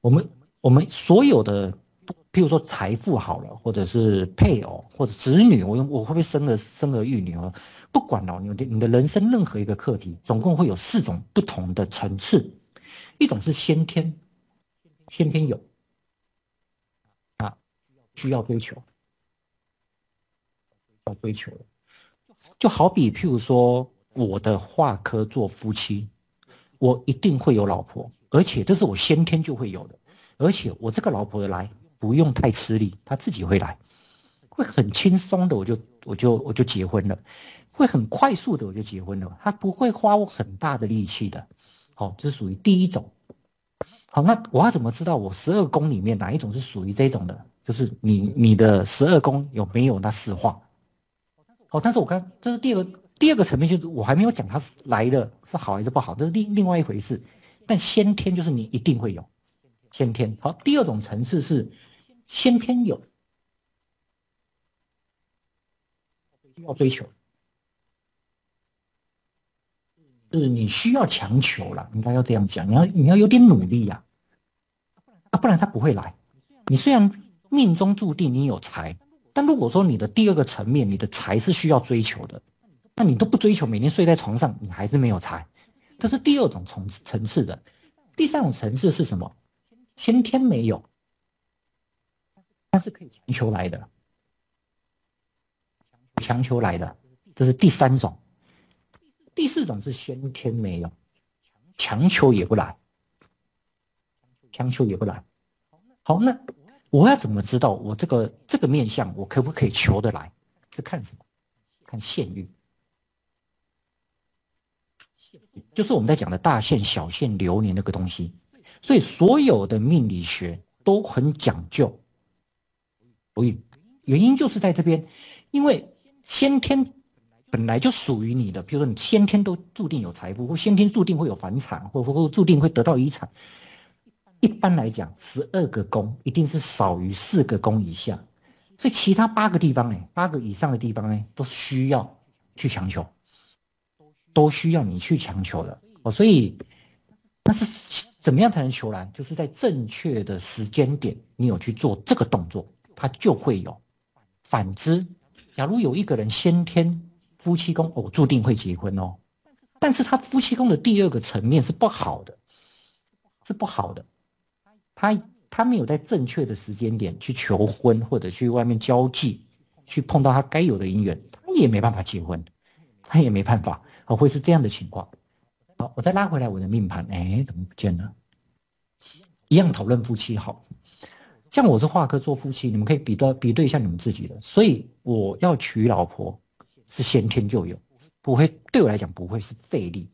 我們我們所有的，譬如說財富好了，或者是配偶，或者子女，我我會不會生兒生兒育女啊？不管了，哦，你你的人生任何一個課題，總共會有四種不同的層次，一種是先天，先天有，啊，需要追求，需要追求，就好比譬如說我的化科做夫妻，我一定會有老婆。而且這是我先天就會有的，而且我這個老婆來不用太吃力，她自己會來，會很輕鬆的我，我就我就我就結婚了，會很快速的我就結婚了，她不會花我很大的力氣的。好，哦，這是屬於第一種。好，那我要怎麼知道我十二宮裡面哪一種是屬於這種的？就是你你的十二宮有沒有那四化？哦，但是我看，這是第二個第二個層面，就是我還沒有講他來的，是好還是不好，這是另另外一回事。但先天就是你一定會有，先天好。第二種層次是先天有，要追求，就是你需要強求了，應該要這樣講。你要你要有點努力呀，啊，啊，不然他不會來。你雖然命中注定你有財，但如果說你的第二個層面，你的財是需要追求的，那你都不追求，每天睡在床上，你還是沒有財。這是第二種層層次的，第三種層次是什麼？先天沒有，它是可以強求來的，強求來的，這是第三種。第四種是先天沒有，強求也不來，強求也不來。好，那我要怎麼知道我這個這個面相我可不可以求得來？是看什麼？看現運。就是我們在講的大限、小限、流年那個東西，所以所有的命理學都很講究。不用原因就是在這邊，因為先天本來就屬於你的，比如說你先天都注定有財富，或先天注定會有房產，或或注定會得到遺產。一般來講，十二個宮一定是少於四個宮以下，所以其他八個地方呢，八個以上的地方呢，都需要去強求。都需要你去強求的哦，所以但是怎麼樣才能求來？就是在正確的時間點，你有去做這個動作，他就會有。反之，假如有一個人先天夫妻宮哦，我注定會結婚哦，但是他夫妻宮的第二個層面是不好的，是不好的，他他沒有在正確的時間點去求婚或者去外面交際，去碰到他該有的姻緣，他也沒辦法結婚，他也沒辦法。哦，會是這樣的情況。好，我再拉回來我的命盤，哎，怎麼不見了？一樣討論夫妻，好，像我是化科做夫妻，你們可以比對比對一下你們自己的。所以我要娶老婆是先天就有，不會，對我來講不會是費力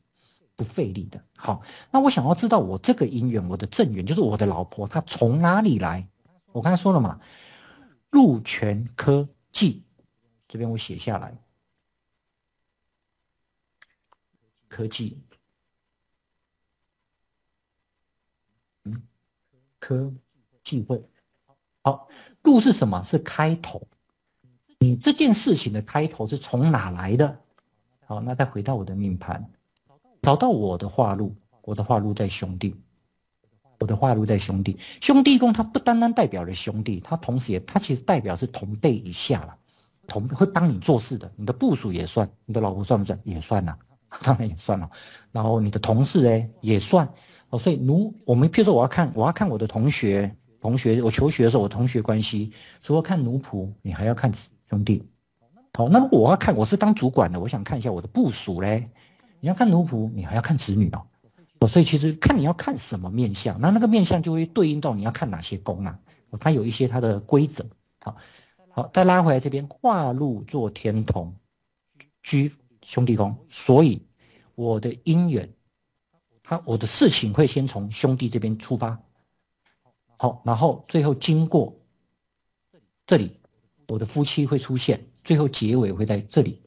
不費力的。好，那我想要知道我這個姻緣，我的正緣就是我的老婆，她從哪裡來？我剛才說了嘛，祿權科忌，這邊我寫下來。科技，嗯，科技會。好，祿是什麼？是開頭。你、嗯、這件事情的開頭是從哪來的？好，那再回到我的命盤，找到我的化祿。我的化祿在兄弟，我的化祿在兄弟，兄弟宮它不單單代表了兄弟，它同時也它其實代表是同輩以下了，同會幫你做事的，你的部屬也算，你的老婆算不算？也算吶、啊。當然也算了，然後你的同事呢，也算哦，所以奴我們譬如說我要看，我要看我的同學，同學我求學的時候我同學關係，除了看奴僕，你還要看兄弟，好，那如果我要看，我是當主管的，我想看一下我的部署嘞，你要看奴僕，你還要看子女哦，哦，所以其實看你要看什麼面相，那那個面相就會對應到你要看哪些宮啊，它有一些它的規則，好，好，再拉回來這邊，化祿做天同，居。兄弟宮，所以我的姻緣，他我的事情會先從兄弟這邊出發，好，然後最後經過這裡，我的夫妻會出現，最後結尾會在這裡，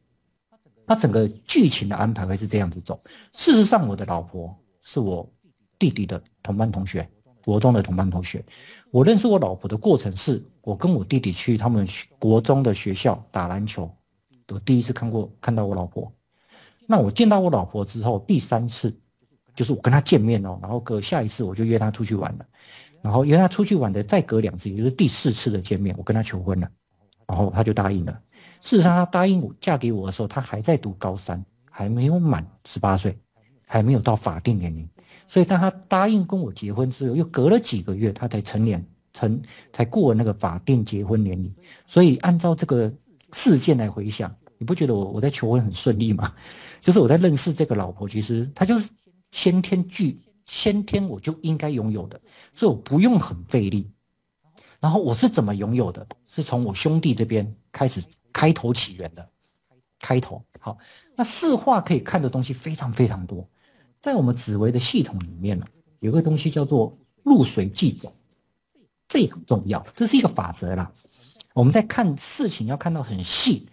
他整個劇情的安排會是這樣子走。事實上，我的老婆是我弟弟的同班同學，國中的同班同學。我認識我老婆的過程是，我跟我弟弟去他們國中的學校打籃球。我第一次看過看到我老婆，那我見到我老婆之後，第三次就是我跟她見面哦，然後隔下一次我就約她出去玩了，然後約她出去玩的再隔兩次也就是第四次的見面，我跟她求婚了，然後她就答應了。事實上，她答應我嫁給我的時候，她還在讀高三，還沒有滿十八歲，還沒有到法定年齡，所以當她答應跟我結婚之後，又隔了幾個月，她才成年成才過了那個法定結婚年齡，所以按照這個。事件來回想，你不覺得我我在求婚很順利嗎？就是我在認識這個老婆，其實她就是先天具，先天我就應該擁有的，所以我不用很費力。然後我是怎麼擁有的？是從我兄弟這邊開始，開頭起源的，開頭。好，那四化可以看的東西非常非常多，在我們紫微的系統裡面呢，有個東西叫做祿隨忌走，這很重要，這是一個法則啦。我們在看事情要看到很細，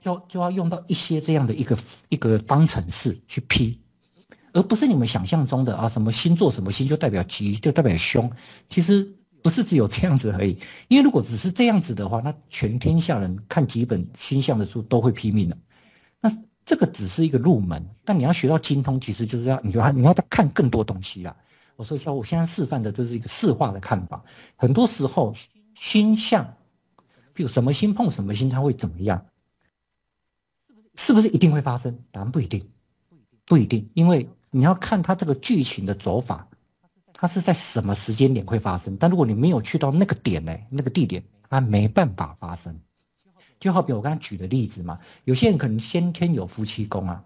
就就要用到一些這樣的一個一個方程式去批，而不是你們想象中的啊什麼星座什麼星就代表吉就代表凶，其實不是只有這樣子而已。因為如果只是這樣子的話，那全天下人看幾本星象的書都會批命了。那這個只是一個入門，但你要學到精通，其實就是要，你，就要你要你要看更多東西了。我說一下，像我現在示範的，這是一個四化的看法，很多時候星象。比如什麼星碰什麼星，它會怎麼樣？是不是？一定會發生？答案不一定，不一定，因為你要看它這個劇情的走法，它是在什麼時間點會發生。但如果你沒有去到那個點呢、欸，那個地點，它沒辦法發生。就好比我剛才舉的例子嘛，有些人可能先天有夫妻宮啊，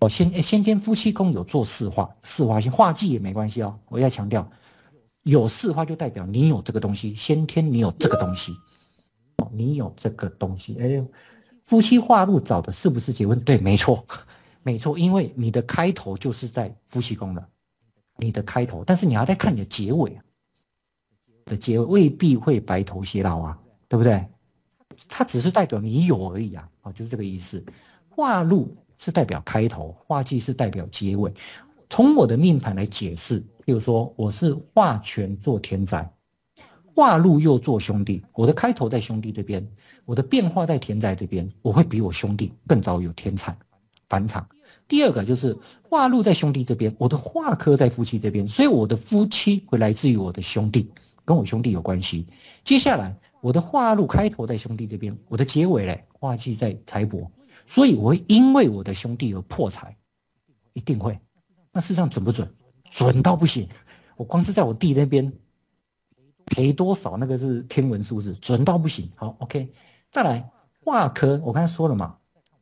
哦，先先天夫妻宮有做四化，四化先化忌也沒關係哦。我要強調，有四化就代表你有這個東西，先天你有這個東西。哦、你有這個東西，哎呦，夫妻化祿找的是不是結婚？對，沒錯，沒錯，因為你的開頭就是在夫妻宮了，你的開頭，但是你要再看你的結尾，的結尾未必會白頭偕老啊，對不對？它只是代表你有而已啊，哦，就是這個意思。化祿是代表開頭，化忌是代表結尾。從我的命盤來解釋，就是說我是化權做田宅。化祿又做兄弟，我的開頭在兄弟這邊，我的變化在田宅這邊，我會比我兄弟更早有田產返場。第二個就是化祿在兄弟這邊，我的化科在夫妻這邊，所以我的夫妻會來自於我的兄弟，跟我兄弟有關係。接下來我的化祿開頭在兄弟這邊，我的結尾呢，化忌在財帛，所以我會因為我的兄弟而破財，一定會。那事實上準不準？準到不行。我光是在我弟那邊。賠多少？那個是天文數字，準到不行。好，OK，再來化科。我剛才說了嘛，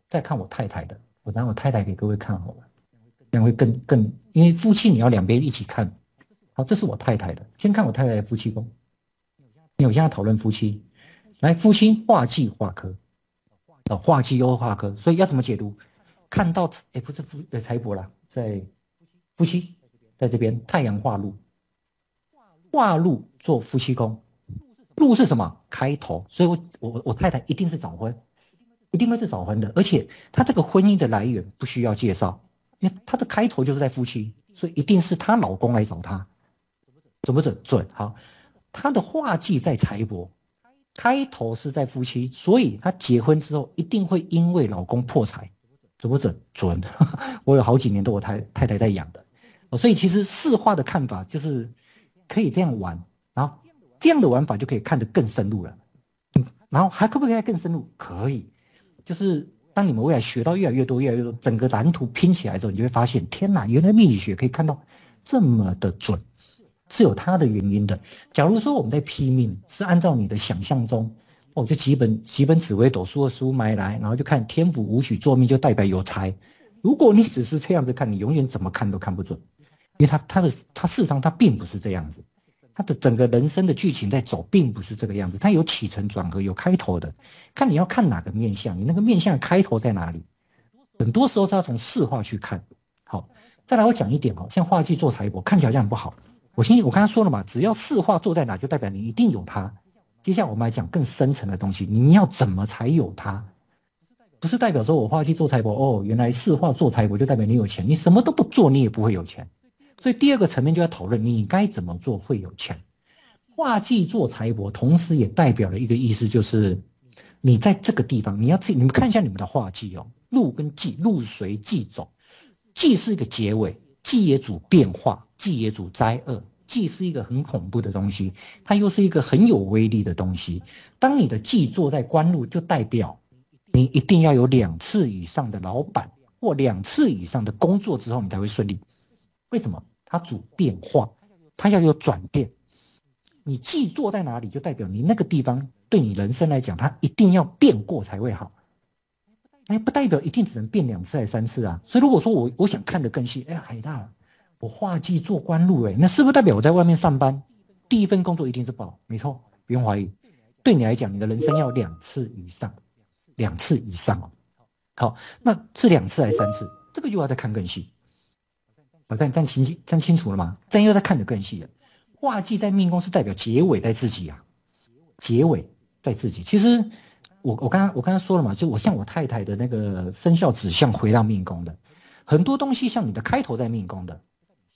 再看我太太的，我拿我太太給各位看，好了，這樣會更更。因為夫妻你要兩邊一起看。好，這是我太太的，先看我太太的夫妻宮。因為我現在討論夫妻，來夫妻化忌化科，哦、化忌又化科，所以要怎麼解讀？看到誒、欸、不是夫，呃，財帛啦，在夫妻在這邊太陽化祿。化祿做夫妻宮，祿是什麼？開頭，所以我，我我我太太一定是早婚，一定會是早婚的，而且她這個婚姻的來源不需要介紹，因為她的開頭就是在夫妻，所以一定是她老公來找她，準不準？準。好，她的化忌在財帛，開頭是在夫妻，所以她結婚之後一定會因為老公破財，準不準？準。 我有好幾年都我太太，太在養的，所以其實四化的看法就是。可以這樣玩，然後這樣的玩法就可以看得更深入了。嗯，然後還可不可以再更深入？可以，就是當你們未來學到越來越多、越來越多，整個藍圖拼起來之後，你就會發現，天哪，原來命理學可以看到這麼的準，是有它的原因的。假如說我們在批命是按照你的想象中，哦，就幾本幾本紫微斗數的書買來，然後就看天府武曲坐命就代表有財。如果你只是這樣子看，你永遠怎麼看都看不準。因為他他的他事實上他並不是這樣子，他的整個人生的劇情在走，並不是這個樣子。他有起承轉合，有開頭的。看你要看哪個面向，你那個面向的開頭在哪裡？很多時候是要從四化去看。好，再來我講一點哦，像化忌做財帛，看起來好像很不好。我先我剛剛說了嘛，只要四化做在哪，就代表你一定有它。接下來我們來講更深層的東西，你要怎麼才有它？不是代表說我化忌做財帛哦，原來四化做財帛就代表你有錢。你什麼都不做，你也不會有錢。所以第二個層面就要討論你該怎麼做會有錢。化忌做財帛，同時也代表了一個意思，就是你在這個地方你要自己。你們看一下你們的化忌哦，祿跟忌，祿隨忌走，忌是一個結尾，忌也主變化，忌也主災厄，忌是一個很恐怖的東西，它又是一個很有威力的東西。當你的忌坐在官祿，就代表你一定要有兩次以上的老闆或兩次以上的工作之後，你才會順利。為什麼？它主變化，它要有轉變。你忌坐在哪裡，就代表你那個地方對你人生來講，它一定要變過才會好。哎、欸，不代表一定只能變兩次還是三次啊。所以如果說我我想看得更細，哎、欸，海大，我化忌坐官祿，哎、欸,那是不是代表我在外面上班，第一份工作一定是不好？沒錯，不用懷疑。對你來講，你的人生要兩次以上，兩次以上哦。好，那是兩次還是三次？這個又要再看更細。看，看清，看清楚了嗎？因又在看得更細了。化忌在命宮是代表結尾在自己啊，結尾在自己。其實我，我我剛剛我剛剛說了嘛，就我像我太太的那個生肖指向回到命宮的，很多東西像你的開頭在命宮的，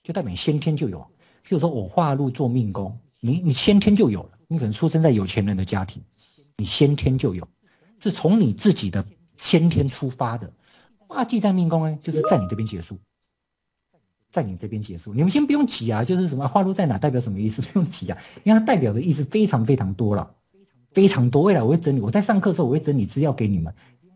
就代表先天就有。譬如說我化祿做命宮，你你先天就有了，你可能出生在有錢人的家庭，你先天就有，是從你自己的先天出發的。化忌在命宮呢，就是在你這邊結束。在你這邊結束，你們先不用急啊。就是什麼化、啊、祿在哪，代表什麼意思？不用急啊，因為它代表的意思非常非常多了，非常多。未來我會整理，我在上課的時候我會整理資料給你們。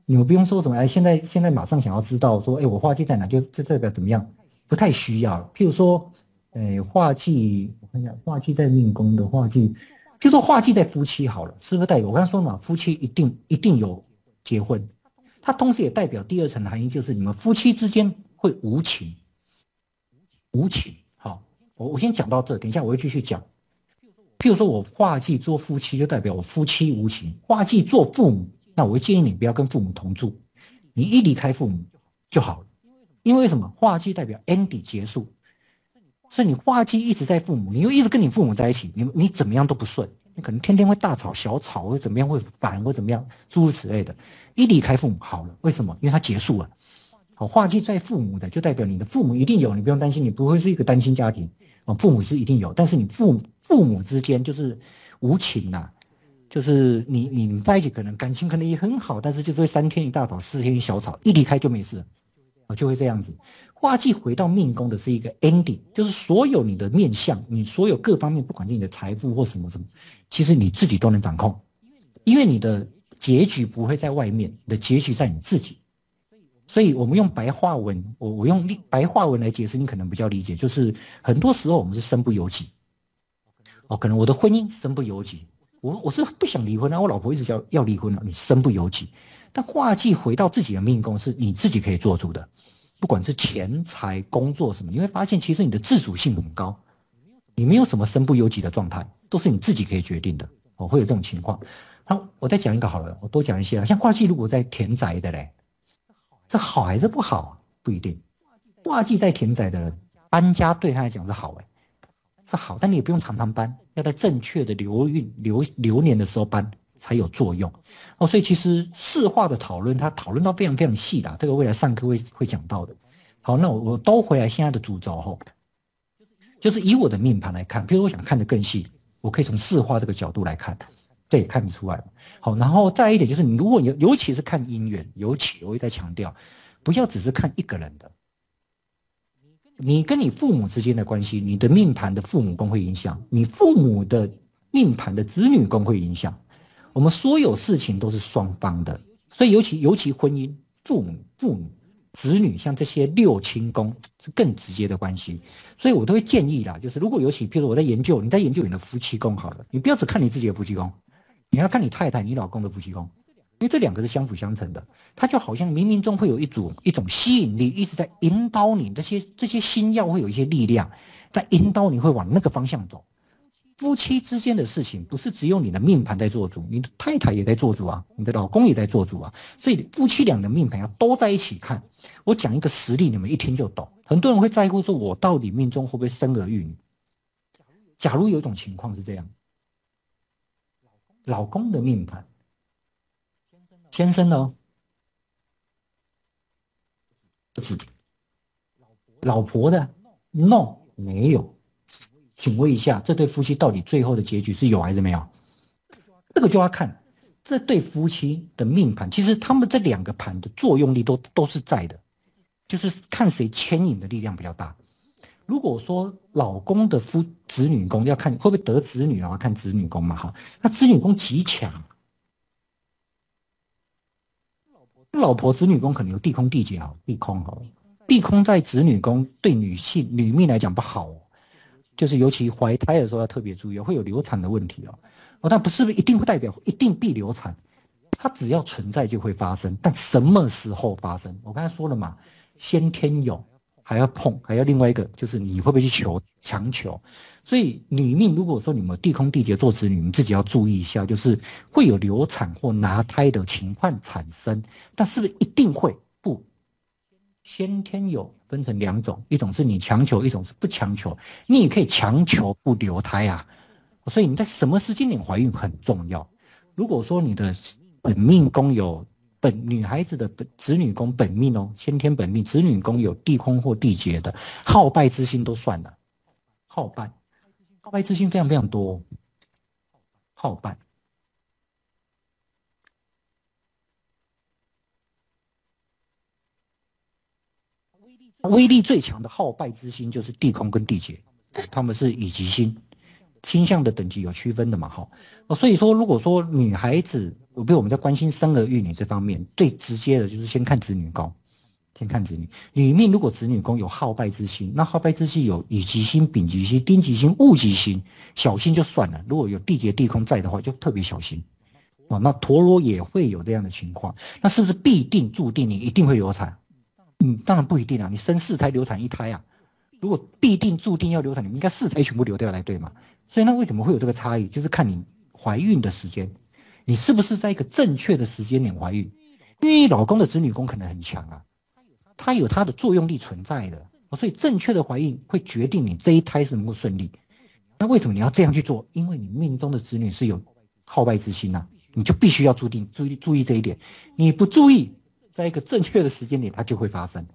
你們不用說什麼、哎、現在現在馬上想要知道說哎、欸，我化忌在哪就就代表怎麼樣？不太需要了。譬如說，哎、欸，化忌，我看一下，化忌在命宮的化忌，譬如說化忌在夫妻好了，是不是代表我剛才說嘛，夫妻一定一定有結婚，它同時也代表第二層含義，就是你們夫妻之間會無情。無情，好，我我先講到這，等一下我會繼續講。譬如說，我化忌做夫妻，就代表我夫妻無情；化忌做父母，那我會建議你不要跟父母同住。你一離開父母就好了，因為什麼？化忌代表 ending 結束，所以你化忌一直在父母，你又一直跟你父母在一起，你你怎麼樣都不順。你可能天天會大吵小吵，會怎麼樣會煩，或怎麼樣諸如此類的。一離開父母好了，為什麼？因為它結束了。好，化忌在父母的，就代表你的父母一定有，你不用擔心，你不會是一個單親家庭啊。父母是一定有，但是你父母父母之間就是無情吶、啊，就是你你們在一起可能感情可能也很好，但是就是會三天一大吵，四天一小吵，一離開就沒事，啊，就會這樣子。化忌回到命宮的是一個 ending，就是所有你的面相，你所有各方面，不管是你的財富或什麼什麼，其實你自己都能掌控，因為你的結局不會在外面，你的結局在你自己。所以我們用白話文，我我用白話文來解釋，你可能比較理解。就是很多時候我們是身不由己，哦，可能我的婚姻身不由己，我我是不想離婚啊，我老婆一直叫要離婚了，啊，你身不由己。但化忌回到自己的命宮是你自己可以做主的，不管是錢財、工作什麼，你會發現其實你的自主性很高，你沒有什麼身不由己的狀態，都是你自己可以決定的。我，哦，會有這種情況。好，啊，我再講一個好了，我多講一些啦。像化忌如果在田宅的嘞，是好還是不好不一定，化忌在田宅的搬家對他來講是好哎、欸，是好，但你也不用常常搬，要在正確的流運流流年的時候搬才有作用。哦，所以其實四化的討論，他討論到非常非常細的，這個未來上課會會講到的。好，那我我兜回來現在的主軸後，就是以我的命盤來看，譬如我想看的更細，我可以從四化這個角度來看。這也看得出來了，好，然後再一點就是，你如果你，尤其是看姻緣，尤其我會再強調，不要只是看一個人的。你跟你父母之間的關係，你的命盤的父母宮會影響，你父母的命盤的子女宮會影響。我們所有事情都是雙方的，所以尤其尤其婚姻、父母、父母子女，像這些六親宮是更直接的關係，所以我都會建議啦，就是如果尤其，譬如我在研究你在研究你的夫妻宮，好了，你不要只看你自己的夫妻宮，你要看你太太、你老公的夫妻宮，因為這兩個是相輔相成的，他就好像冥冥中會有一組、一種吸引力一直在引導你，這些、這些星曜會有一些力量，在引導你會往那個方向走。夫妻之間的事情不是只有你的命盤在做主，你的太太也在做主啊，你的老公也在做主啊，所以夫妻倆的命盤要都在一起看。我講一個實例，你們一聽就懂。很多人會在乎說，我到底命中會不會生兒育女？假如有一種情況是這樣。老公的命盤，先生呢？不老婆的，no，沒有。請問一下，這對夫妻到底最後的結局是有還是沒有？這個就要看這對夫妻的命盤，其實他們這兩個盤的作用力都都是在的，就是看誰牽引的力量比較大。如果說老公的夫子女宮要看會不會得子女啊，然後看子女宮嘛哈，那子女宮極強，啊。老婆子女宮可能有地空地劫哦，地空地空在子女宮對女性女命來講不好，哦，就是尤其懷胎的時候要特別注意，哦，會有流產的問題哦。哦，但不是不是一定會代表一定必流產，它只要存在就會發生，但什麼時候發生？我剛才說了嘛，先天有。還要碰，還要另外一個，就是你會不會去求強求？所以女命如果說你們地空地劫坐子女，你們自己要注意一下，就是會有流產或拿胎的情況產生，但是不是一定會？不，先天有分成兩種，一種是你強求，一種是不強求。你也可以強求不留胎啊。所以你在什麼時間點懷孕很重要。如果說你的本命宮有本女孩子的本子女宮本命哦，先天本命子女宮有地空或地劫的，耗敗之星都算了。耗敗，耗敗之星非常非常多、哦。耗敗， 威力最強的耗敗之星就是地空跟地劫，他們是乙級星，星象的等級有區分的嘛？哈，所以說，如果說女孩子。比如我們在關心生兒育女這方面，最直接的就是先看子女宮，先看子女。裡面如果子女宮有耗敗之星，那耗敗之星有乙級星、丙級星、丁級星、戊級星，小心就算了。如果有地劫地空在的話，就特別小心。哇，那陀螺也會有這樣的情況。那是不是必定注定你一定會流產？嗯，當然不一定啊。你生四胎流產一胎啊？如果必定注定要流產，你們應該四胎全部流掉才對嘛？所以那為什麼會有這個差異？就是看你懷孕的時間。你是不是在一個正確的時間點懷孕？因為你老公的子女宮可能很強啊，他有他的作用力存在的，所以正確的懷孕會決定你這一胎是能夠順利。那為什麼你要這樣去做？因為你命中的子女是有好外之心吶、啊，你就必須要注定注意注意這一點。你不注意，在一個正確的時間點，它就會發生。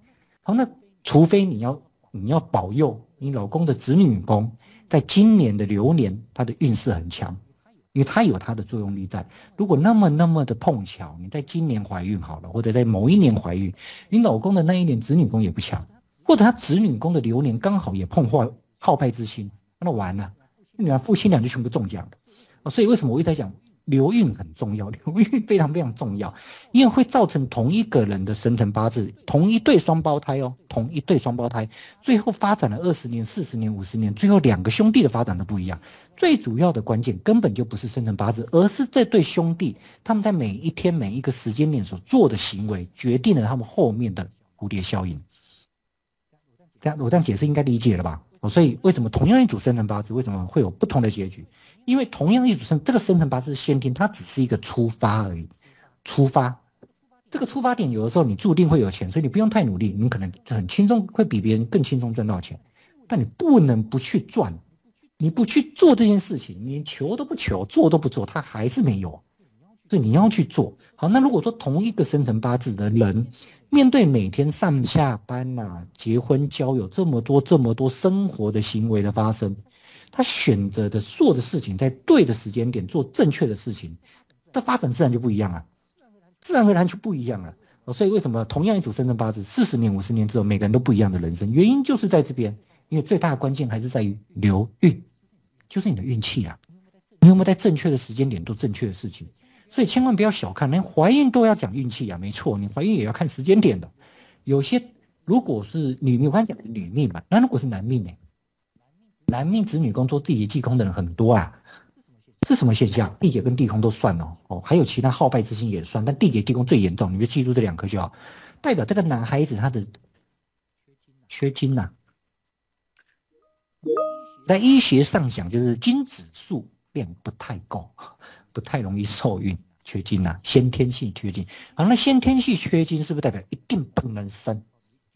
好，那除非你要你要保佑你老公的子女宮，在今年的流年，他的運勢很強。因為它有它的作用力在，如果那麼那麼的碰巧，你在今年懷孕好了，或者在某一年懷孕，你老公的那一年子女宮也不強，或者他子女宮的流年剛好也碰壞好敗之心，那完了，那女兒夫妻倆就全部中獎了。所以為什麼我一直在講？流運很重要，流運非常非常重要，因為會造成同一個人的生辰八字，同一對雙胞胎哦，同一對雙胞胎，最後發展了二十年、四十年、五十年，最後兩個兄弟的發展都不一樣。最主要的關鍵根本就不是生辰八字，而是這對兄弟他們在每一天每一個時間點所做的行為，決定了他們後面的蝴蝶效應。這樣我這樣解釋應該理解了吧？哦，所以為什麼同樣一組生辰八字，為什麼會有不同的結局？因為同樣一組生這個生辰八字先天，它只是一個出發而已。出發，這個出發點有的時候你注定會有錢，所以你不用太努力，你可能很輕鬆會比別人更輕鬆賺到錢。但你不能不去賺，你不去做這件事情，你求都不求，做都不做，它還是沒有。所以你要去做好。那如果說同一個生辰八字的人，面對每天上下班吶、啊、結婚、交友這麼多、這麼多生活的行為的發生，他選擇的做的事情，在對的時間點做正確的事情，這發展自然就不一樣啊，自然而然就不一樣啊。所以為什麼同樣一組生辰八字，四十年、五十年之後，每個人都不一樣的人生？原因就是在這邊，因為最大的關鍵還是在於流運，就是你的運氣啊。你有沒有在正確的時間點做正確的事情？所以千萬不要小看，連懷孕都要講運氣啊！沒錯，你懷孕也要看時間點的。有些如果是女命，我剛才講女命嘛，那、啊、如果是男命呢、欸？男命子女工做地劫地空的人很多啊，是什麼現象？地劫跟地空都算哦哦，還有其他耗敗之星也算，但地劫地空最嚴重。你就記住這兩個就好，代表這個男孩子他的缺金吶、啊，在醫學上講就是精子數量不太夠。不太容易受孕，缺金吶、啊，先天性缺金。好、啊，那先天性缺金是不是代表一定不能生？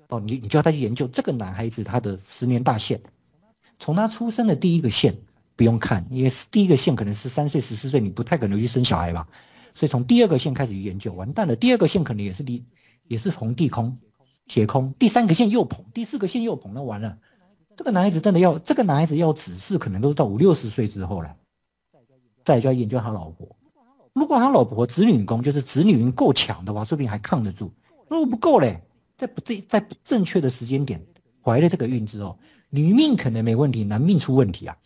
哦，你你叫他去研究這個男孩子他的十年大限，從他出生的第一個限不用看，因為第一個限可能十三歲、十四歲，你不太可能去生小孩吧？所以從第二個限開始去研究，完蛋了，第二個限可能也是離，也是從地空、截空，第三個限又捧，第四個限又捧，那完了，這個男孩子真的要這個男孩子要子嗣可能都是到五六十歲之後了。再來就要研究他老婆，如果他老婆子女宮就是子女宮夠強的話，說不定還抗得住。如果不夠嘞，在不正在不正確的時間點懷了這個孕之後，女命可能沒問題，男命出問題啊。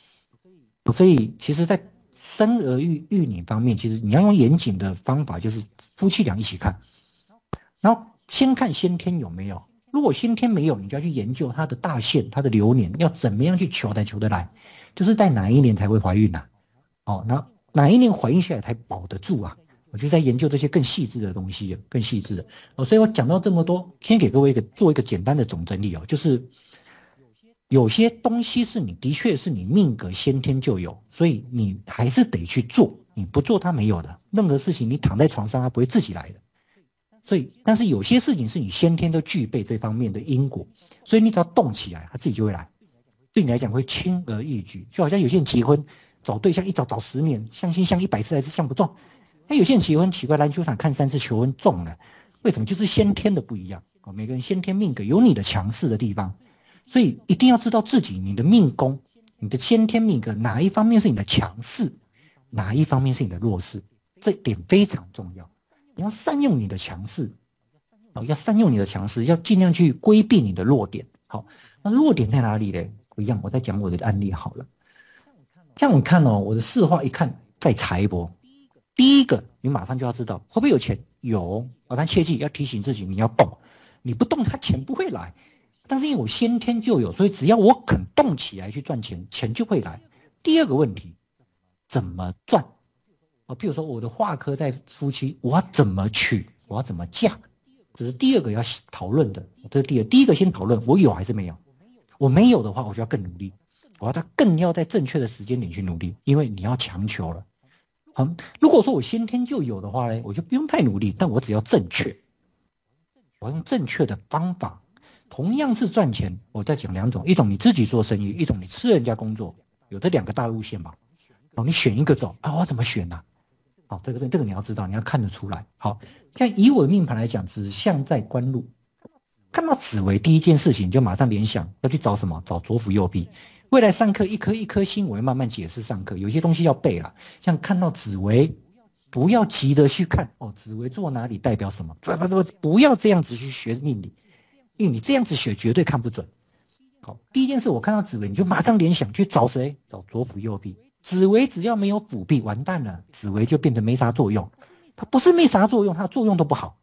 所以，其實，在生兒育育女方面，其實你要用嚴謹的方法，就是夫妻倆一起看，然後先看先天有沒有。如果先天沒有，你就要去研究他的大限、他的流年，要怎麼樣去求才求得來，就是在哪一年才會懷孕呢、啊？哦，那。哪一年懷孕下來才保得住啊？我就在研究這些更細緻的東西，更細緻的。哦，所以我講到這麼多，先給各位一個做一個簡單的總整理哦，就是有些東西是你的確是你命格先天就有，所以你還是得去做，你不做它沒有的。任何事情你躺在床上，它不會自己來的。所以，但是有些事情是你先天都具備這方面的因果，所以你只要動起來，它自己就會來。對你來講會輕而易舉，就好像有些人結婚。找對象一找找十年，相親相一百次還是相不中。那有些人求婚奇怪，籃球場看三次求婚中了，啊，為什麼？就是先天的不一樣。哦、每個人先天命格有你的強勢的地方，所以一定要知道自己你的命宮、你的先天命格哪一方面是你的強勢，哪一方面是你的弱勢，這一點非常重要。你要善用你的強勢，哦，要善用你的強勢，要盡量去規避你的弱點。好，那弱點在哪裡呢？不一樣，我再講我的案例好了。這樣看哦，我的四化一看在財帛。第一個，你馬上就要知道會不會有錢？有啊，但切記要提醒自己，你要動，你不動，他錢不會來。但是因為我先天就有，所以只要我肯動起來去賺錢，錢就會來。第二個問題，怎麼賺啊？比如說我的化科在夫妻，我要怎麼娶，我要怎麼嫁？這是第二個要討論的。這是第二，第一個先討論我有還是沒有？我沒有的話，我就要更努力。我要他更要在正確的時間點去努力，因為你要強求了。好，如果說我先天就有的話呢，我就不用太努力，但我只要正確，我用正確的方法，同樣是賺錢。我再講兩種，一種你自己做生意，一種你吃人家工作，有這兩個大路線嘛。好，你選一個走。啊，我怎麼選呢、啊？好，這個這個你要知道，你要看得出來。好，像以我的命盤來講，紫相在官祿，看到紫微第一件事情就馬上聯想要去找什麼？找左輔右弼。未來上課一顆一顆星。我會慢慢解釋上課，有些東西要背了。像看到紫微，不要急着去看哦，紫微坐哪裡代表什麼？不要這樣子去學命理，因為你這樣子學絕對看不準。好，哦，第一件事我看到紫微，你就馬上聯想去找誰？找左輔右弼。紫微只要沒有輔弼，完蛋了，紫微就變得沒啥作用。它不是沒啥作用，它作用都不好，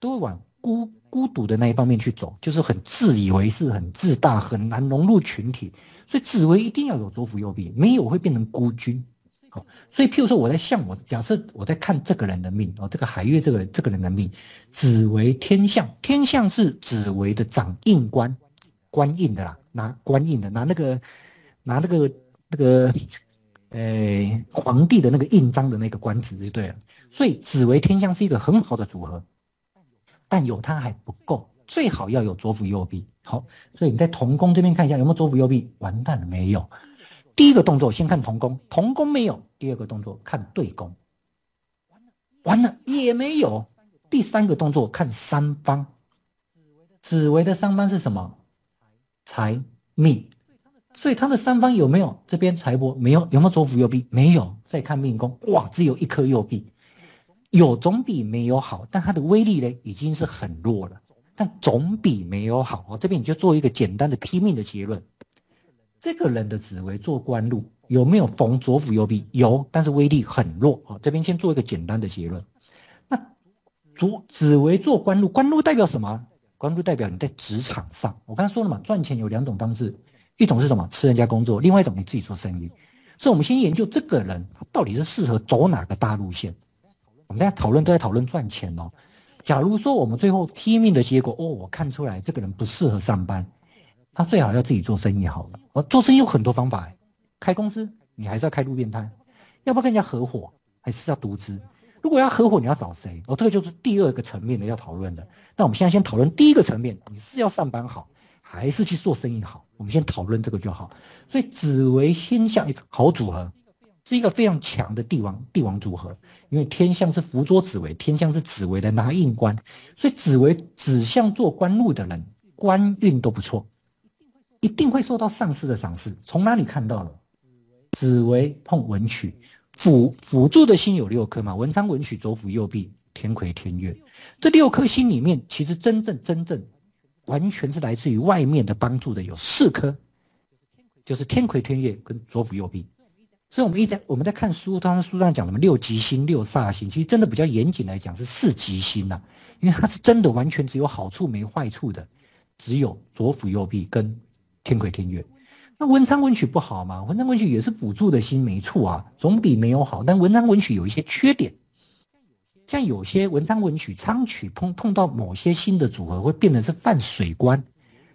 都會完。孤孤獨的那一方面去走，就是很自以為是，很自大，很難融入群體。所以紫薇一定要有左輔右弼，沒有會變成孤軍。好，所以譬如說我在像我，假設我在看這個人的命哦，這個海月這個人這個人的命，紫薇天相，天相是紫薇的掌印官，官印的啦，拿官印的，拿那個拿那個那個，呃、欸，皇帝的那個印章的那個官職就對了。所以紫薇天相是一個很好的組合。但有它還不夠，最好要有左輔右弼。好，所以你在同宮這邊看一下有沒有左輔右弼？完蛋了，沒有。第一個動作先看同宮，同宮沒有。第二個動作看對宮，完了也沒有。第三個動作看三方，紫微的三方是什麼？財命。所以他的三方有沒有？這邊財帛沒有，有沒有左輔右弼？沒有。再看命宮，哇，只有一顆右弼。有總比沒有好，但它的威力呢已經是很弱了。但總比沒有好。哦，這邊你就做一個簡單的批命的結論。這個人的紫微做官祿有沒有逢左輔右弼？有，但是威力很弱。哦，這邊先做一個簡單的結論。那主紫微做官祿，官祿代表什麼？官祿代表你在職場上。我剛才說了嘛，賺錢有兩種方式，一種是什麼？吃人家工作，另外一種你自己做生意。所以我們先研究這個人，他到底是適合走哪個大路線。我們大家討論都在討論賺錢哦。假如說我們最後拼命的結果哦，我看出來這個人不適合上班，他最好要自己做生意好了。我、哦、做生意有很多方法，開公司，你還是要開路邊攤，要不要跟人家合夥，還是要獨資？如果要合夥，你要找誰？哦，這個就是第二個層面的要討論的。那我們現在先討論第一個層面，你是要上班好，還是去做生意好？我們先討論這個就好。所以紫微星象好組合。是一個非常強的帝王帝王組合，因為天相是輔佐紫微，天相是紫微的拿印官，所以紫微紫相做官路的人，官運都不錯，一定會受到上司的賞識。從哪裡看到了？紫微碰文曲，輔輔助的星有六顆嘛？文昌、文曲、左輔、右弼、天魁、天鉞，這六顆星裡面，其實真正真正完全是來自於外面的幫助的有四顆，就是天魁、天鉞跟左輔、右弼。所以，我們一直在我們在看書，當然書上講什麼六吉星、六煞星，其實真的比較嚴謹來講是四吉星吶、啊，因為它是真的完全只有好處沒壞處的，只有左輔右弼跟天魁天鉞。那文昌文曲不好嗎？文昌文曲也是輔助的星，沒錯啊，總比沒有好。但文昌文曲有一些缺點，像有些文昌文曲、昌曲碰碰到某些星的組合，會變成是犯水關，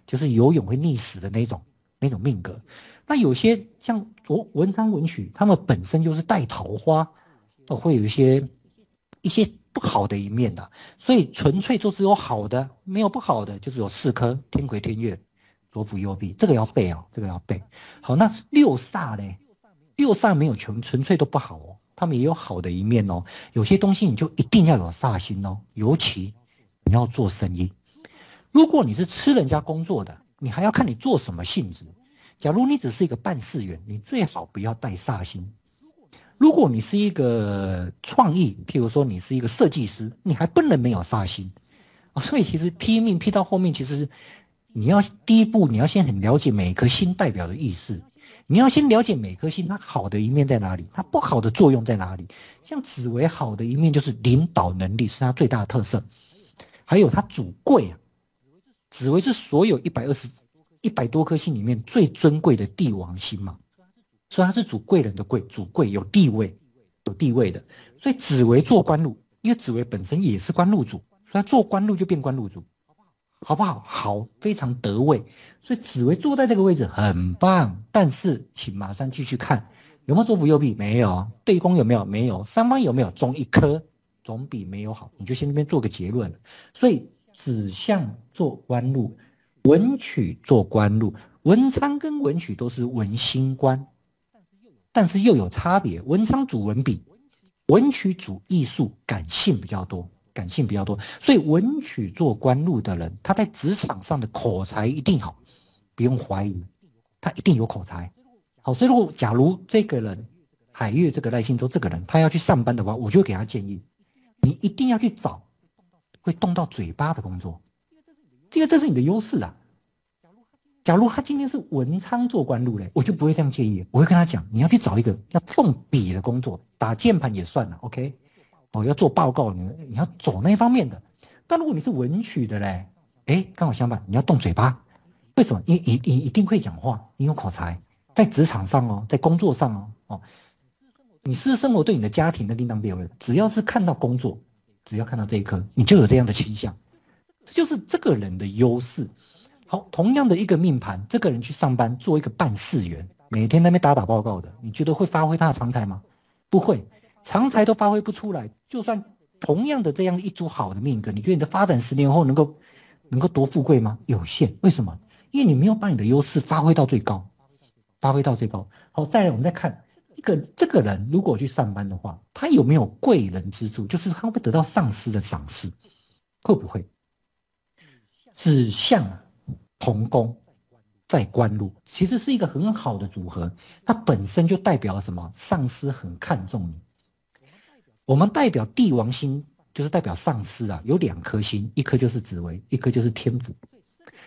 就是游泳會溺死的那種。那種命格？那有些像文昌、文曲，他們本身就是帶桃花，會有一些一些不好的一面的、啊。所以純粹就是有好的，沒有不好的，就是有四顆天魁、天鉞，左輔、右弼，這個要背啊、哦，這個要背。好，那六煞呢？六煞沒有純，純粹都不好哦。他們也有好的一面哦。有些東西你就一定要有煞星哦，尤其你要做生意，如果你是吃人家工作的。你還要看你做什麼性質。假如你只是一個辦事員，你最好不要帶煞星。如果你是一個創意，譬如說你是一個設計師，你還不能沒有煞星。所以其實批命批到後面，其實你要第一步，你要先很了解每顆星代表的意思。你要先了解每顆星它好的一面在哪裡，它不好的作用在哪裡。像紫微好的一面就是領導能力是它最大的特色，還有它主貴啊。紫薇是所有一百二十一百多顆星裡面最尊貴的帝王星嘛，所以它是主貴人的貴，主貴有地位，有地位的。所以紫薇做官祿，因為紫薇本身也是官祿主，所以它做官祿就變官祿主，好不好？好，非常得位。所以紫薇坐在這個位置很棒，但是請馬上繼續看，有沒有左輔右弼？沒有。對宮有沒有？沒有。三方有沒有？中一顆總比沒有好。你就先那邊做個結論。所以。指向做官路，文曲做官路。文昌跟文曲都是文星官，但是又有差別。文昌主文筆，文曲主藝術，感性比較多，感性比較多。所以文曲做官路的人，他在職場上的口才一定好，不用懷疑，他一定有口才。好，所以如果假如這個人，海月這個賴新洲這個人，他要去上班的話，我就給他建議，你一定要去找。會動到嘴巴的工作，這個這是你的優勢啊！假如他今天是文昌做官路嘞，我就不會這樣介意。我會跟他講，你要去找一個要動筆的工作，打鍵盤也算了，OK、哦。我要做報告，你你要走那一方面的。但如果你是文曲的嘞，哎，剛好相反，你要動嘴巴，為什麼？你你你一定會講話，你有口才，在職場上哦，在工作上哦哦，你是生活對你的家庭的另當別論，只要是看到工作，只要看到這一顆，你就有這樣的傾向，這就是這個人的優勢。好，同樣的一個命盤，這個人去上班做一個辦事員，每天在那邊打打報告的，你覺得會發揮他的長才嗎？不會，長才都發揮不出來。就算同樣的這樣一組好的命格，你覺得你的發展十年後能夠能夠多富貴嗎？有限，為什麼？因為你沒有把你的優勢發揮到最高，發揮到最高。好，再來我們再看。個這個人如果去上班的話，他有沒有貴人之助？就是他會得到上司的賞識？會不會？紫相同宮，在官祿，其實是一個很好的組合。它本身就代表了什麼？上司很看重你。我們代表帝王星，就是代表上司啊。有兩顆星，一顆就是紫微，一顆就是天府。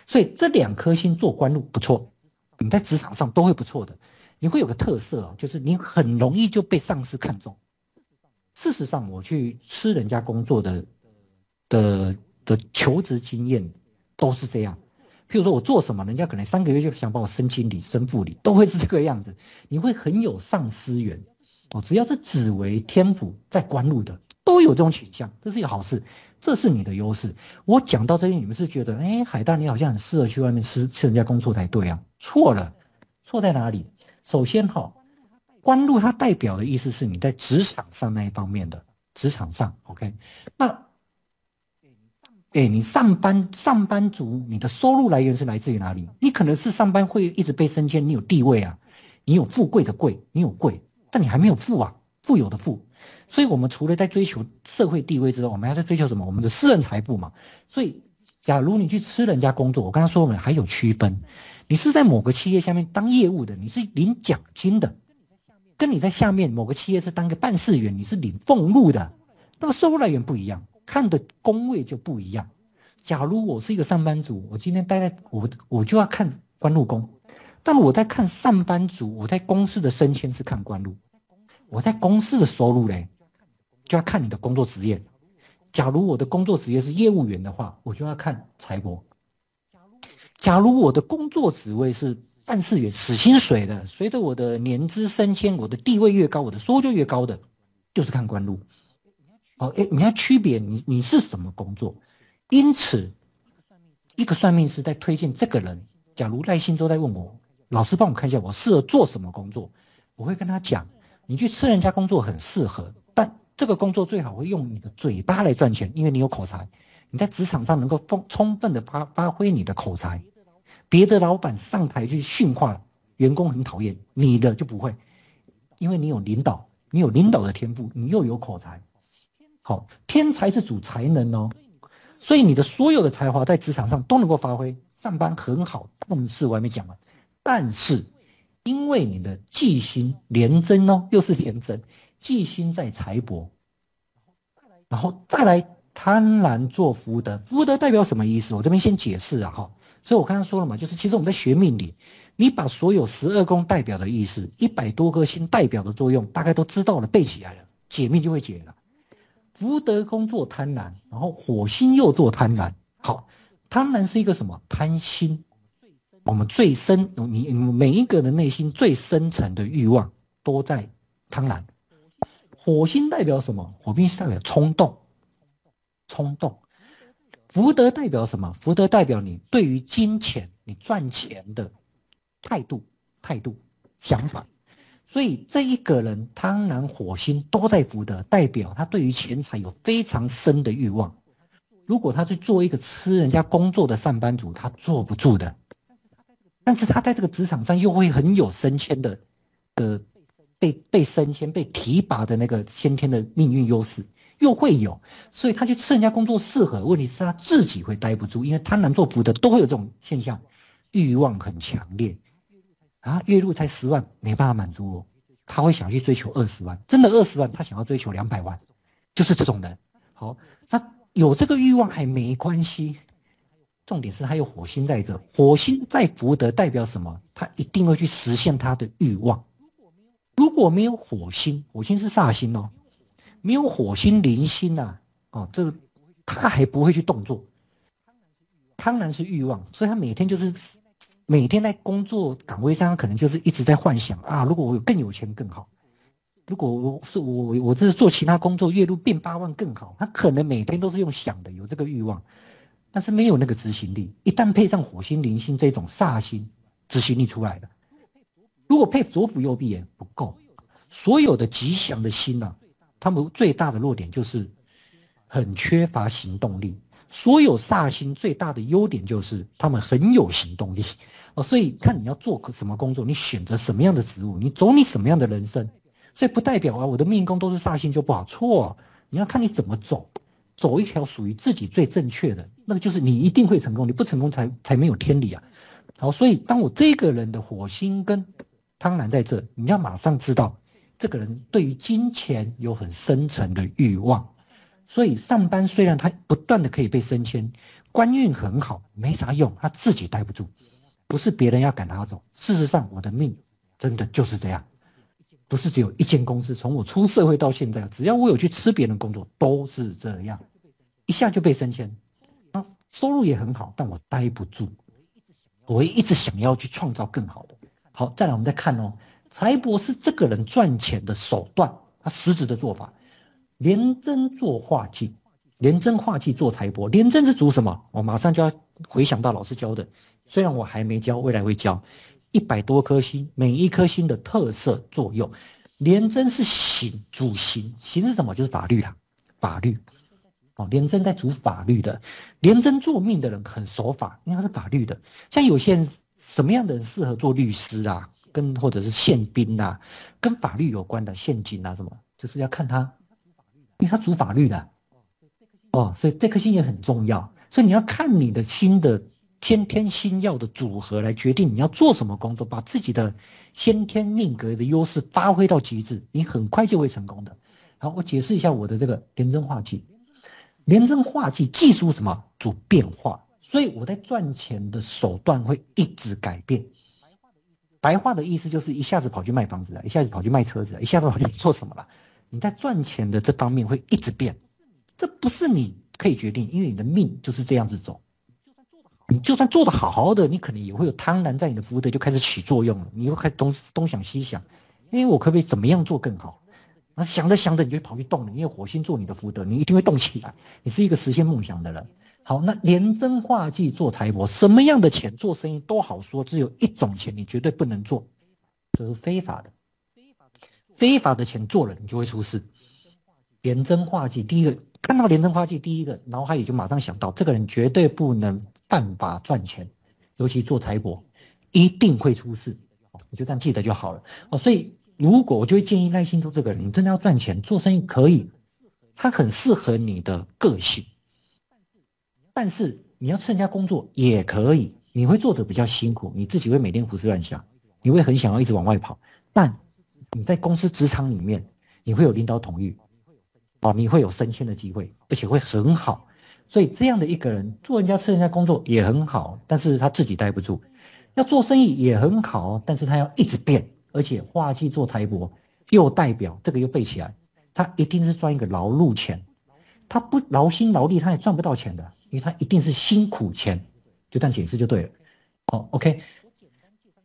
所以這兩顆星做官祿不錯，你在職場上都會不錯的。你會有個特色啊，就是你很容易就被上司看中。事實上，我去吃人家工作的的的求職經驗都是這樣。譬如說我做什麼，人家可能三個月就想把我升經理、升副理，都會是這個樣子。你會很有上司緣哦。只要是紫微天府在官祿的，都有這種傾向，這是一個好事，這是你的優勢。我講到這裡，你們是覺得，誒，海蛋，你好像很適合去外面吃吃人家工作才對啊？錯了。錯在哪裡？首先哈、哦，官祿它代表的意思是你在職場上那一方面的職場上，OK？那，哎、欸，你上班上班族，你的收入來源是來自於哪裡？你可能是上班會一直被升遷，你有地位啊，你有富貴的貴，你有貴，但你還沒有富啊，富有的富。所以，我們除了在追求社會地位之外，我們還在追求什麼？我們的私人財富嘛。所以，假如你去吃人家工作，我剛才說我們還有區分。你是在某個企業下面當業務的，你是領獎金的；跟你在下面某個企業是當一個辦事員，你是領俸祿的。那麼，那個收入來源不一樣，看的宮位就不一樣。假如我是一個上班族，我今天待在我我，就要看官祿宮。但我在看上班族，我在公司的升遷是看官祿；我在公司的收入嘞，就要看你的工作職業。假如我的工作職業是業務員的話，我就要看財帛。假如我的工作職位是辦事員，但是也死薪水的，隨着我的年資升遷，我的地位越高，我的收入就越高的，就是看官路。哦，哎、欸，你要區別你你是什麼工作。因此，一個算命師在推薦這個人，假如賴信州在問我，老師幫我看一下我適合做什麼工作，我會跟他講，你去吃人家工作很適合，但這個工作最好會用你的嘴巴來賺錢，因為你有口才，你在職場上能夠豐充分的發發揮你的口才。別的老闆上台去訓話，員工很討厭；你的就不會，因為你有領導，你有領導的天賦，你又有口才。好，天才是主才能哦，所以你的所有的才華在職場上都能夠發揮，上班很好。但是我還沒講完，但是因為你的忌星廉貞哦，又是廉貞，忌星在財帛，然後再來貪婪做福德，福德代表什麼意思？我這邊先解釋啊哈。所以我剛才說了嘛，就是其實我們在學命理，你把所有十二宮代表的意思，一百多顆星代表的作用，大概都知道了，背起來了，解命就會解了。福德宮做貪婪，然後火星又做貪婪。好，貪婪是一個什麼？貪心，我們最深，你，你每一個人內心最深層的慾望都在貪婪。火星代表什麼？火星代表衝動，衝動。福德代表什麼？福德代表你對於金錢、你賺錢的態度、態度、想法。所以這一個人，貪狼火星都在福德，代表他對於錢財有非常深的慾望。如果他去做一個吃人家工作的上班族，他坐不住的。但是他在這個職場上又會很有升遷的，呃，被被升遷、被提拔的那個先天的命運優勢。又會有，所以他就吃人家工作適合。問題是他自己會待不住，因為貪狼坐福德都會有這種現象，慾望很強烈。啊，月入才十萬，沒辦法滿足我、哦，他會想去追求二十萬。真的二十萬，他想要追求兩百萬，就是這種人。好，他有這個慾望還沒關係，重點是他有火星在這。火星在福德代表什麼？他一定會去實現他的慾望。如果沒有火星，火星是煞星哦。沒有火星、鈴星吶、啊，哦，這他還不會去動作，當然是欲望，所以他每天就是每天在工作崗位上，可能就是一直在幻想啊。如果我有更有錢更好，如果我是我我這是做其他工作，月入變八萬更好，他可能每天都是用想的，有這個欲望，但是沒有那個執行力。一旦配上火星、鈴星這種煞星，執行力出來了。如果配左輔右弼也不夠，所有的吉祥的星啊。他們最大的弱點，就是很缺乏行動力。所有煞星最大的優點，就是他們很有行動力哦，所以看你要做什麼工作，你選擇什麼樣的職務，你走你什麼樣的人生，所以不代表啊，我的命宮都是煞星就不好。錯，你要看你怎麼走，走一條屬於自己最正確的那個，就是你一定會成功。你不成功才才沒有天理啊！好，所以當我這個人的火星跟當然在這，你要馬上知道。這個人對於金錢有很深沉的慾望，所以上班雖然他不斷的可以被升遷，官運很好，沒啥用，他自己待不住，不是別人要趕他走。事實上，我的命真的就是這樣，不是只有一間公司。從我出社會到現在，只要我有去吃別人的工作，都是這樣，一下就被升遷，收入也很好，但我待不住，我一直想要去創造更好的。好，再來我們再看哦。財帛是這個人賺錢的手段，他實質的做法，廉貞做化忌，廉貞化忌做財帛。廉貞是主什麼？我馬上就要回想到老師教的，雖然我還沒教，未來會教。一百多顆星，每一顆星的特色作用，廉貞是刑，主刑，刑是什麼？就是法律啦、啊，法律。哦，廉貞在主法律的，廉貞做命的人很守法，因為他是法律的。像有些人什麼樣的人適合做律師啊？跟或者是憲兵吶、啊，跟法律有關的陷阱吶、啊，什麼就是要看他，因為他主法律的，哦，所以這顆星也很重要，所以你要看你的新的先天星曜的組合來決定你要做什麼工作，把自己的先天命格的優勢發揮到極致，你很快就會成功的。好，我解釋一下我的這個廉貞化，化忌，廉貞化忌技術什麼主變化，所以我在賺錢的手段會一直改變。白話的意思就是一下子跑去賣房子了，一下子跑去賣車子了，一下子跑去做什麼了。你在賺錢的這方面會一直變，這不是你可以決定，因為你的命就是這樣子走。你就算做得好好的，你可能也會有貪婪在你的福德就開始起作用了，你又開始東、東想西想，欸，因為我可不可以怎麼樣做更好？那想着想着你就跑去動了，因為火星做你的福德，你一定會動起來。你是一個實現夢想的人。好，那廉貞化忌做財帛，什麼樣的錢做生意都好說，只有一種錢你絕對不能做，這、就是非法的，非法的錢做了你就會出事。廉貞化忌，第一個看到廉貞化忌，第一個腦海裡就馬上想到，這個人絕對不能犯法賺錢，尤其做財帛，一定會出事。你就這樣記得就好了。哦，所以如果我就會建議耐心做這個人，你真的要賺錢做生意可以，他很適合你的個性。但是你要吃人家工作也可以，你會做得比較辛苦，你自己會每天胡思亂想，你會很想要一直往外跑。但你在公司職場裡面，你會有領導統御，啊，你會有升遷的機會，而且會很好。所以這樣的一個人，做人家吃人家工作也很好，但是他自己待不住；要做生意也很好，但是他要一直變，而且化忌做台博又代表這個又背起來，他一定是賺一個勞碌錢。他不勞心勞力，他也賺不到錢的。因為他一定是辛苦錢，就這樣解釋就對了。哦，Oh，OK，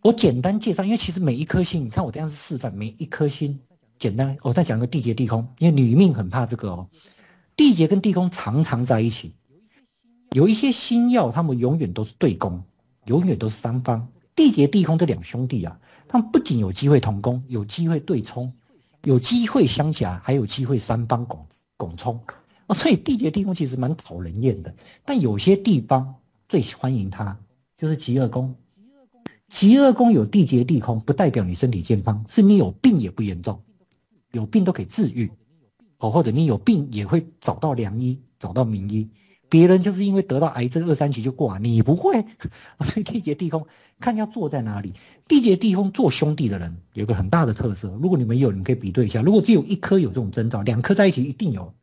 我簡單介紹，因為其實每一顆星，你看我這樣是示範，每一顆星簡單，我再講個地劫地空，因為女命很怕這個哦。地劫跟地空常常在一起，有一些星曜，他們永遠都是對宮，永遠都是三方。地劫地空這兩兄弟啊，他們不僅有機會同宮，有機會對沖，有機會相夾，還有機會三方拱拱沖。所以地劫地空其實蠻討人厭的，但有些地方最歡迎他，就是疾厄宮。疾厄宮有地劫地空，不代表你身體健康，是你有病也不嚴重，有病都可以治癒。好，或者你有病也會找到良醫，找到名醫。別人就是因為得到癌症二三期就掛，你不會。所以地劫地空，看要坐在哪裡。地劫地空做兄弟的人有個很大的特色，如果你們有，你可以比對一下。如果只有一顆有這種徵兆，兩顆在一起一定有。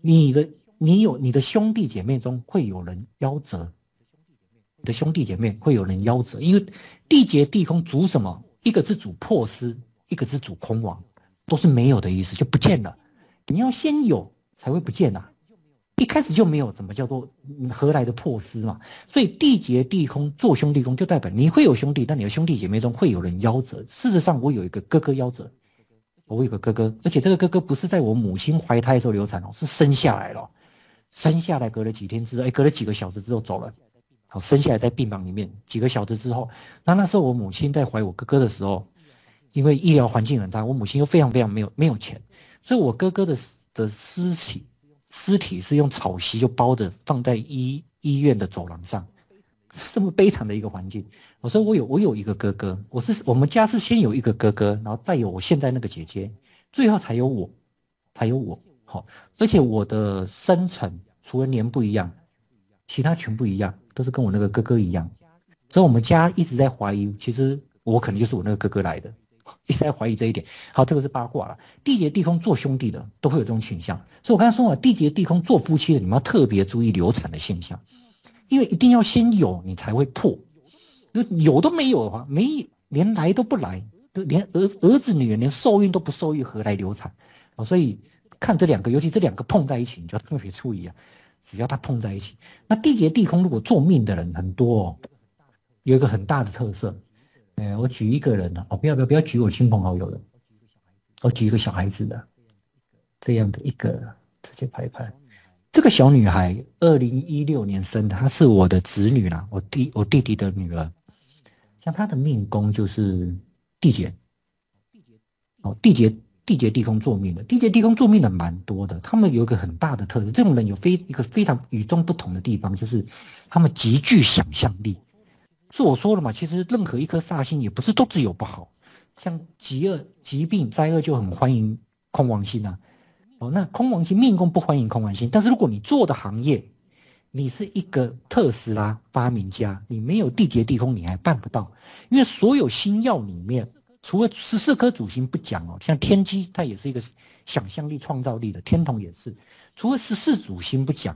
你的你有你的兄弟姐妹中會有人夭折，你的兄弟姐妹會有人夭折，因為地劫地空主什麼？一個是主破失，一個是主空亡，都是沒有的意思，就不見了。你要先有才會不見吶、啊，一開始就沒有，怎麼叫做何來的破失嘛？所以地劫地空做兄弟宮就代表你會有兄弟，但你的兄弟姐妹中會有人夭折。事實上，我有一個哥哥夭折。我有一個哥哥，而且這個哥哥不是在我母親懷胎的時候流產哦、喔，是生下來了、喔，生下來隔了幾天之後，哎、欸，隔了幾個小時之後走了，好，生下來在病房裡面，幾個小時之後，那那時候我母親在懷我哥哥的時候，因為醫療環境很差，我母親又非常非常沒有沒有錢，所以我哥哥的的屍體屍體是用草席就包着放在醫醫院的走廊上。這麼悲慘的一個環境，我說我有我有一個哥哥，我是我們家是先有一個哥哥，然後再有我現在那個姐姐，最後才有我，才有我好、哦。而且我的生辰除了年不一樣，其他全不一樣，都是跟我那個哥哥一樣。所以我們家一直在懷疑，其實我可能就是我那個哥哥來的，一直在懷疑這一點。好，這個是八卦了。地劫地空做兄弟的都會有這種傾向，所以我剛才說了，地劫地空做夫妻的，你們要特別注意流產的現象。因為一定要先有你才會破，有都沒有的話，沒連來都不來，都連兒兒子女兒連受孕都不受孕，何來流產？哦，所以看這兩個，尤其這兩個碰在一起，你就特別注意啊！只要他碰在一起，那地劫地空，如果做命的人很多、哦，有一個很大的特色，呃、我舉一個人呢、啊，哦，不要不要不要舉我親朋好友的，我舉一個小孩子的，這樣的一個直接拍一拍。這個小女孩二零一六年生的，她是我的姪女啦，啊，我弟我弟弟的女兒。像她的命宮就是地劫，地劫哦，地劫地劫地空坐命的，地劫地空坐命的蠻多的。他們有一個很大的特質，這種人有非一個非常與眾不同的地方，就是他們極具想象力。是我說了嘛？其實任何一顆煞星也不是都只有不好，像疾厄疾病災厄就很歡迎空亡星吶，啊。哦，那空亡星命宮不歡迎空亡星，但是如果你做的行業，你是一個特斯拉發明家，你沒有地劫地空，你還辦不到，因為所有星曜裡面，除了十四顆主星不講哦，像天機它也是一個想象力創造力的，天同也是，除了十四主星不講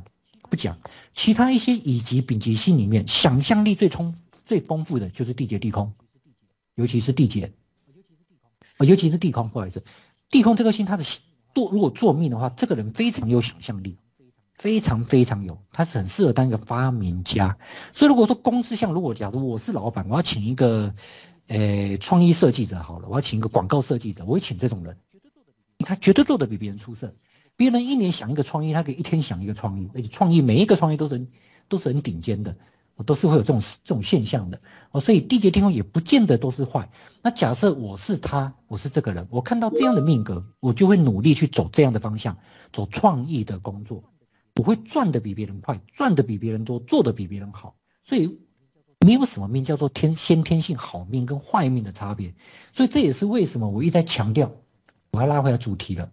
不講，其他一些乙級丙級星裡面，想象力最充最豐富的就是地劫地空，尤其是地劫，尤其是地空，尤其是地空，不好意思，地空這顆星，它的。做如果做命的話，這個人非常有想象力，非常非常有，他是很適合當一個發明家。所以如果說公司像，如果假如我是老闆，我要請一個，誒、呃，創意設計者好了，我要請一個廣告設計者，我會請這種人，他絕對做得比別人出色。別人一年想一個創意，他可以一天想一個創意，而且創意每一個創意都是，都是很頂尖的。都是會有這種這種現象的哦，所以地劫天空也不見得都是壞。那假設我是他，我是這個人，我看到這樣的命格，我就會努力去走這樣的方向，走創意的工作，我會賺得比別人快，賺得比別人多，做得比別人好。所以沒有什麼命叫做天先天性好命跟壞命的差別。所以這也是為什麼我一再強調，我要拉回來主題了。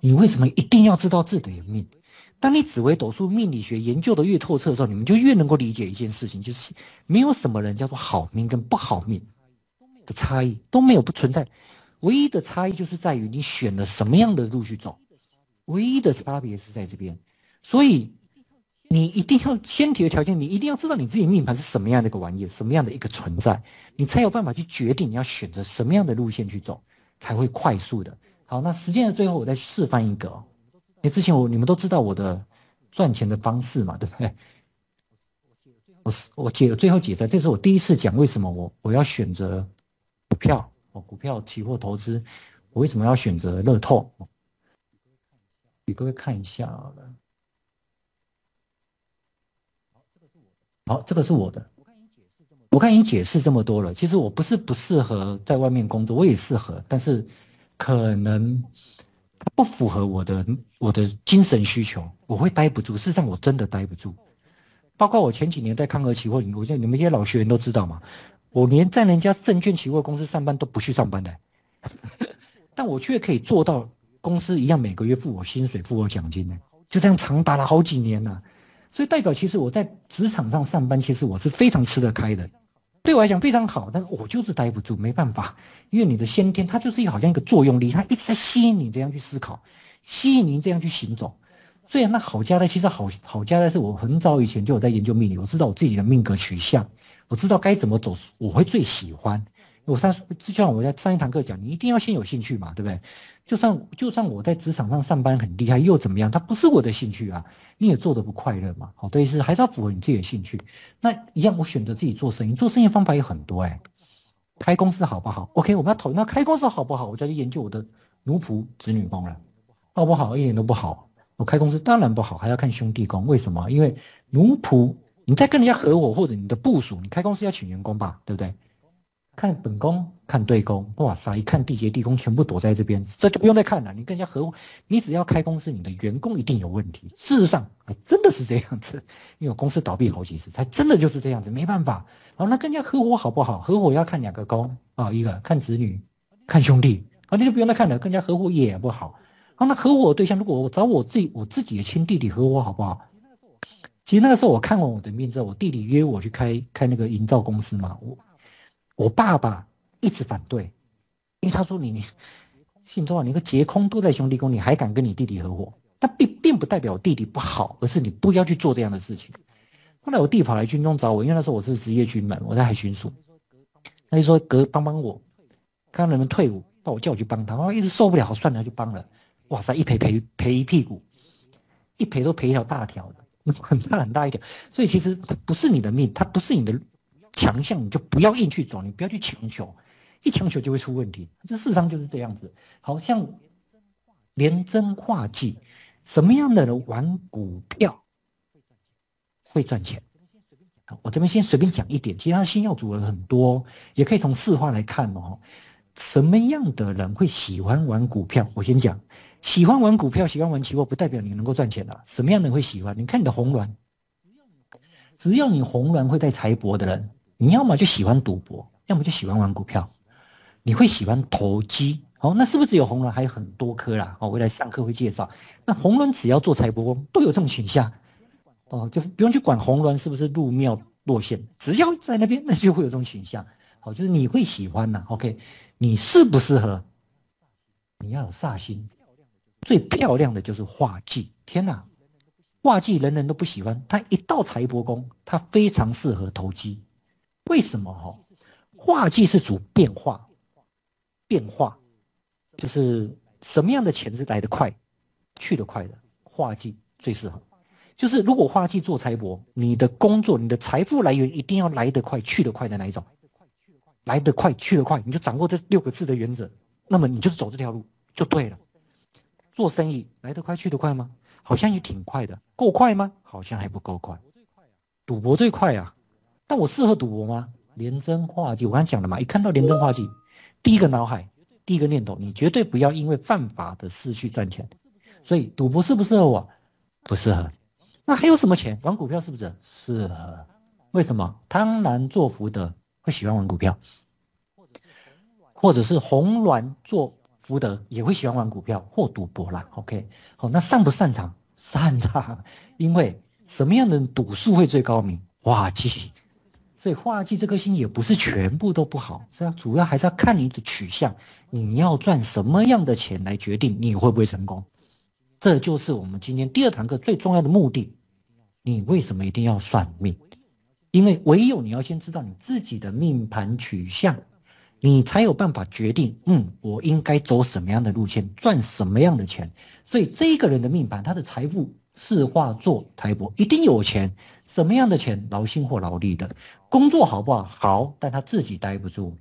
你為什麼一定要知道自己的命？當你紫微斗數命理學研究得越透徹的時候，你們就越能夠理解一件事情，就是沒有什麼人叫做好命跟不好命的差異，都沒有不存在，唯一的差異就是在於你選了什麼樣的路去走，唯一的差別是在這邊，所以你一定要先提的條件，你一定要知道你自己命盤是什麼樣的一個玩意，什麼樣的一個存在，你才有辦法去決定你要選擇什麼樣的路線去走，才會快速的。好，那時間的最後，我再示範一個、哦。你之前我你們都知道我的賺錢的方式嘛，對不對？我是我解最後解釋，這是我第一次講為什麼我我要選擇股票，哦，股票期貨投資，我為什麼要選擇樂透？給各位看一下好了。好，這個是我的。好，這個是我的。我看我看你解釋這麼多了。其實我不是不適合在外面工作，我也適合，但是可能。不符合我的我的精神需求，我會待不住。事實上，我真的待不住。包括我前幾年在康和期貨，我想你們一些老學員都知道嘛，我連在人家證券期貨公司上班都不去上班的、欸， 但我卻可以做到公司一樣每個月付我薪水、付我獎金呢、欸，就這樣長達了好幾年呢、啊。所以代表，其實我在職場上上班，其實我是非常吃得開的。對我來講非常好，但是我就是待不住，沒辦法，因為你的先天它就是一個好像一個作用力，它一直在吸引你這樣去思考，吸引你這樣去行走。所以那好家的其實好好家的是，我很早以前就有在研究命理，我知道我自己的命格取向，我知道該怎麼走，我會最喜歡。我上就像我在上一堂課講，你一定要先有興趣嘛，對不對？就算就算我在職場上上班很厲害又怎麼樣？他不是我的興趣啊，你也做得不快樂嘛。好，對，是還是要符合你自己的興趣。那一樣，我選擇自己做生意，做生意方法有很多哎、欸。開公司好不好？OK，我們要討論到開公司好不好，我就要去研究我的奴僕子女工了。好不好？一點都不好。我開公司當然不好，還要看兄弟工。為什麼？因為奴僕，你在跟人家合夥或者你的部署，你開公司要請員工吧，對不對？看本宮，看對宮，哇塞！一看地劫地宮全部躲在這邊，這就不用再看了。你跟人家合夥，你只要開公司，你的員工一定有問題。事實上，哎、真的是這樣子，因為我公司倒閉好幾次，才真的就是這樣子，沒辦法。然後那跟人家合夥好不好？合夥要看兩個宮啊，一個看子女，看兄弟啊，你就不用再看了。跟人家合夥也不好。然後那合夥的對象，如果我找我自己，我自己的親弟弟合夥好不好？其實那個時候我看完我的命之後，我弟弟約我去開開那個營造公司嘛，我。我爸爸一直反對，因為他說，你你，信中啊，你個截空都在兄弟宮，你還敢跟你弟弟合夥？但並並不代表我弟弟不好，而是你不要去做這樣的事情。後來我弟跑來軍中找我，因為那時候我是職業軍人，我在海巡署，他就說，哥，幫幫我，看能不能退伍，那我叫我去幫他，然後一直受不了，算了，他就幫了。哇塞，一賠賠賠一屁股，一賠都賠一條大條的，很大很大一條。所以其實它不是你的命，它不是你的強項你就不要硬去走，你不要去強求，一強求就會出問題。這世上就是這樣子，好像廉貞化忌。什麼樣的人玩股票會賺錢？會賺錢。我這邊先隨便講一點，其實星耀組合很多，也可以從四化來看哦。什麼樣的人會喜歡玩股票？我先講，喜歡玩股票、喜歡玩期貨，不代表你能夠賺錢啦。什麼樣的人會喜歡？你看你的紅鸞，只要你紅鸞會帶財帛的人。你要麼就喜歡賭博，要麼就喜歡玩股票，你會喜歡投機。好，那是不是有紅鸞還有很多顆啦？我未來上課會介紹。那紅鸞只要做財帛宮都有這種傾向，哦，就不用去管紅鸞是不是入廟落陷，只要在那邊那就會有這種傾向。好，就是你會喜歡的、啊。OK，你適不適合？你要有煞星，最漂亮的就是化忌。天哪、啊，化忌人人都不喜歡，他一到財帛宮，他非常適合投機。為什麼哈、哦？化忌是主變化，變化就是什麼樣的錢是來得快、去得快的？化忌最適合。就是如果化忌做財帛，你的工作、你的財富來源一定要來得快、去得快的那一種。來得快、去得快，你就掌握這六個字的原則，那麼你就是走這條路就對了。做生意來得快去得快嗎？好像也挺快的，夠快嗎？好像還不夠快。賭賭博最快呀、啊！但我適合賭博嗎？廉貞化忌，我剛才講了嘛，一看到廉貞化忌，第一個腦海、第一個念頭，你絕對不要因為犯法的事去賺錢。所以賭博適不適合我？不適合。那還有什麼錢？玩股票適不適合？適合。為什麼？貪狼做福德會喜歡玩股票，或者是紅鸞做福德也會喜歡玩股票或賭博啦。OK，好，那擅不擅長？擅長。因為什麼樣的人賭術會最高明？化忌。對，化忌這顆星也不是全部都不好，是啊，主要還是要看你的取向，你要賺什麼樣的錢來決定你會不會成功。這就是我們今天第二堂課最重要的目的。你為什麼一定要算命？因為唯有你要先知道你自己的命盤取向，你才有辦法決定，嗯，我應該走什麼樣的路線，賺什麼樣的錢。所以這一個人的命盤，他的財富，四化坐，財帛一定有錢，什麼樣的錢？勞心或勞力的，工作好不好？好，但他自己待不住。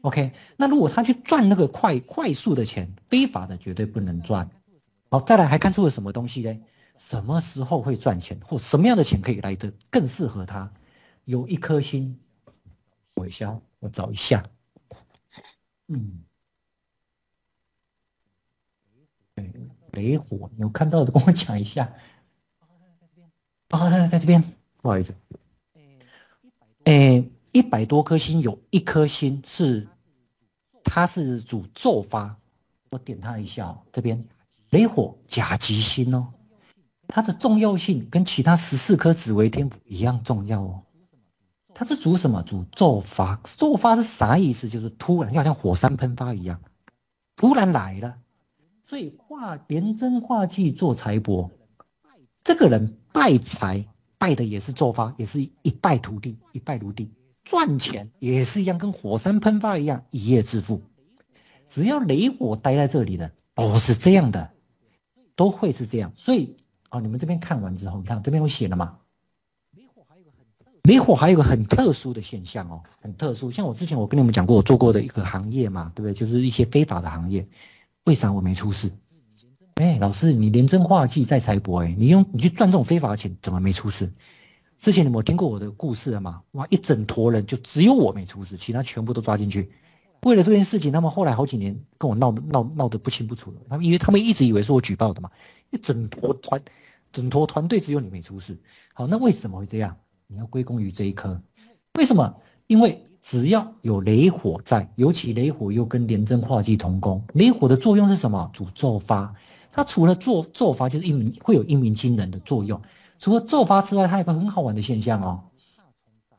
OK，那如果他去賺那個快快速的錢，非法的絕對不能賺。好，再來還看出了什麼東西嘞？什麼時候會賺錢，或什麼樣的錢可以來得更適合他？有一顆星，我一下，我找一下，嗯。雷火，有看到的跟我講一下。哦，在這邊。哦，在這邊，不好意思。誒、欸，一百多顆星，有一顆星是，它是主驟發，我點它一下哦。這邊雷火甲級星哦，它的重要性跟其他十四顆紫微天府一樣重要哦。它是主什麼？主驟發，驟發是啥意思？就是突然，要像火山噴發一樣，突然來了。所以化廉貞化忌，做財帛，這個人敗財敗的也是做法，也是一敗塗地，一敗塗地。賺錢也是一樣，跟火山噴發一樣，一夜致富。只要雷火待在這裡的，哦，是這樣的，都會是這樣。所以，哦，你們這邊看完之後，你看這邊我寫的嘛。雷火還有一個很特殊的現象哦，很特殊。像我之前我跟你們講過，我做過的一個行業嘛，對不對？就是一些非法的行業。為啥我沒出事？欸，老師，你連廉貞化忌在財帛，欸，你用你去賺這種非法錢，怎麼沒出事？之前你們有聽過我的故事了嗎？哇，一整坨人就只有我沒出事，其他全部都抓進去。為了這件事情，他們後來好幾年跟我鬧得鬧鬧得不清不楚了。他們因為他們一直以為是我舉報的嘛，一整坨團，整坨團隊只有你沒出事。好，那為什麼會這樣？你要歸功於這一顆。為什麼？因為。只要有雷火在，尤其雷火又跟廉貞化忌同宮，雷火的作用是什麼？主奏發，它除了奏奏發，就是一鳴會有一鳴驚人的作用。除了奏發之外，它還有個很好玩的現象哦，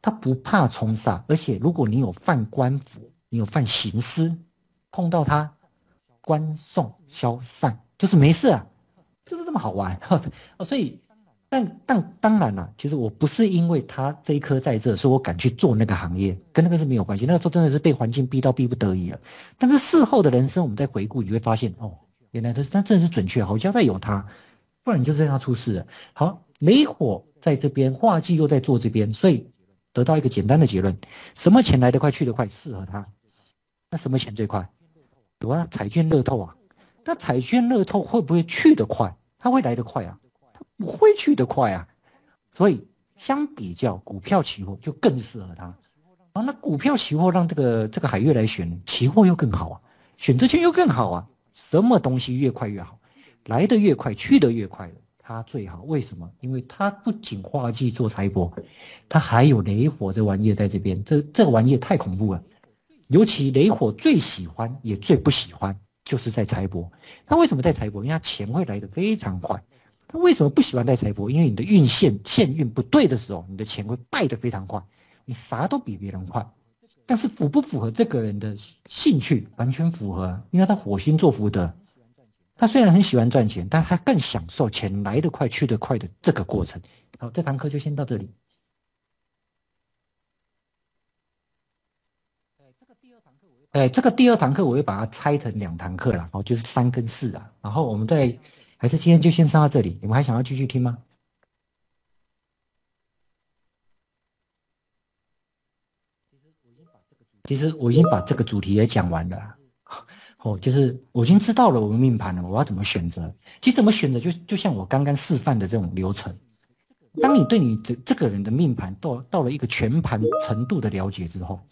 它不怕沖煞，而且如果你有犯官符，你有犯刑司，碰到它官送消散，就是沒事啊，就是這麼好玩啊、 哦，所以。但但當然了啊，其實我不是因為他這一顆在這，所以我敢去做那個行業，跟那個是沒有關係。那個時候真的是被環境逼到逼不得已了。但是事後的人生，我們再回顧，你會發現，哦，原來他是，真的是準確，好像在有他，不然你就這樣出事了。好，雷火在這邊，化忌又在做這邊，所以得到一個簡單的結論：什麼錢來得快去得快，適合他？那什麼錢最快？比如啊，彩券樂透啊。那彩券樂透會不會去得快？它會來得快啊。不會去的快啊，所以相比較股票期貨就更適合他。啊，那股票期貨讓這個這個海月來選期貨又更好啊，選擇權又更好啊。什麼東西越快越好，來的越快去得越快的它最好。為什麼？因為它不僅化忌做財帛，它還有雷火這玩意兒在這邊。這這玩意兒太恐怖了，尤其雷火最喜歡也最不喜歡就是在財帛。它為什麼在財帛？因為它錢會來的非常快。為什麼不喜歡帶財帛？因為你的運線限運不對的時候，你的錢會敗得非常快。你啥都比別人快，但是符不符合這個人的興趣？完全符合，因為他火星做福德，他雖然很喜歡賺錢，但他更享受錢來得快去得快的這個過程。好，這堂課就先到這裡。哎、這個第二堂課，我會把它拆成兩堂課了，哦，就是三跟四啊，然後我們再。還是今天就先上到這裡。你們還想要繼續聽嗎？其實我已經把這個主題也講完了。哦，就是我已經知道了我們命盤了，我要怎麼選擇？其實怎麼選擇就，就就像我剛剛示範的這種流程。當你對你這這個人的命盤到到了一個全盤程度的了解之後，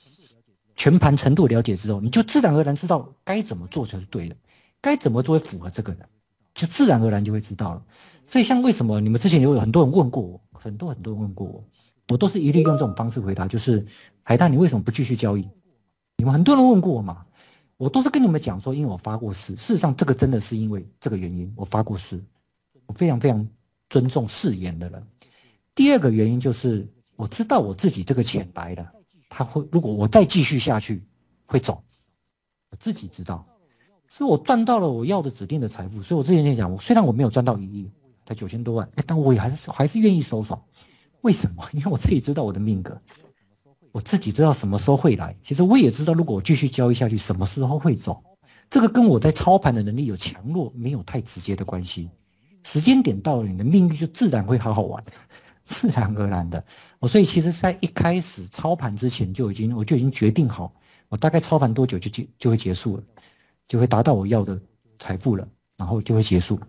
全盤程度了解之後，你就自然而然知道該怎麼做才是對的，該怎麼做會符合這個人。就自然而然就會知道了，所以像為什麼你們之前有很多人問過我，很多很多人問過我，我都是一律用這種方式回答，就是海大你為什麼不繼續交易？你們很多人問過我嘛，我都是跟你們講說，因為我發過誓，事實上這個真的是因為這個原因，我發過誓，我非常非常尊重誓言的人。第二個原因就是我知道我自己這個淺白的，他會如果我再繼續下去會走，我自己知道。所以我賺到了我要的指定的財富，所以我之前在講，我雖然我沒有賺到一億，才九千多萬，欸，但我也還是還是願意收手。為什麼？因為我自己知道我的命格，我自己知道什麼時候會來。其實我也知道，如果我繼續交易下去，什麼時候會走。這個跟我在操盤的能力有強弱，沒有太直接的關係。時間點到了，你的命運就自然會好好玩，自然而然的。我所以其實在一開始操盤之前就已經，我就已經決定好，我大概操盤多久就結就會結束了。就會達到我要的財富了，然後就會結束。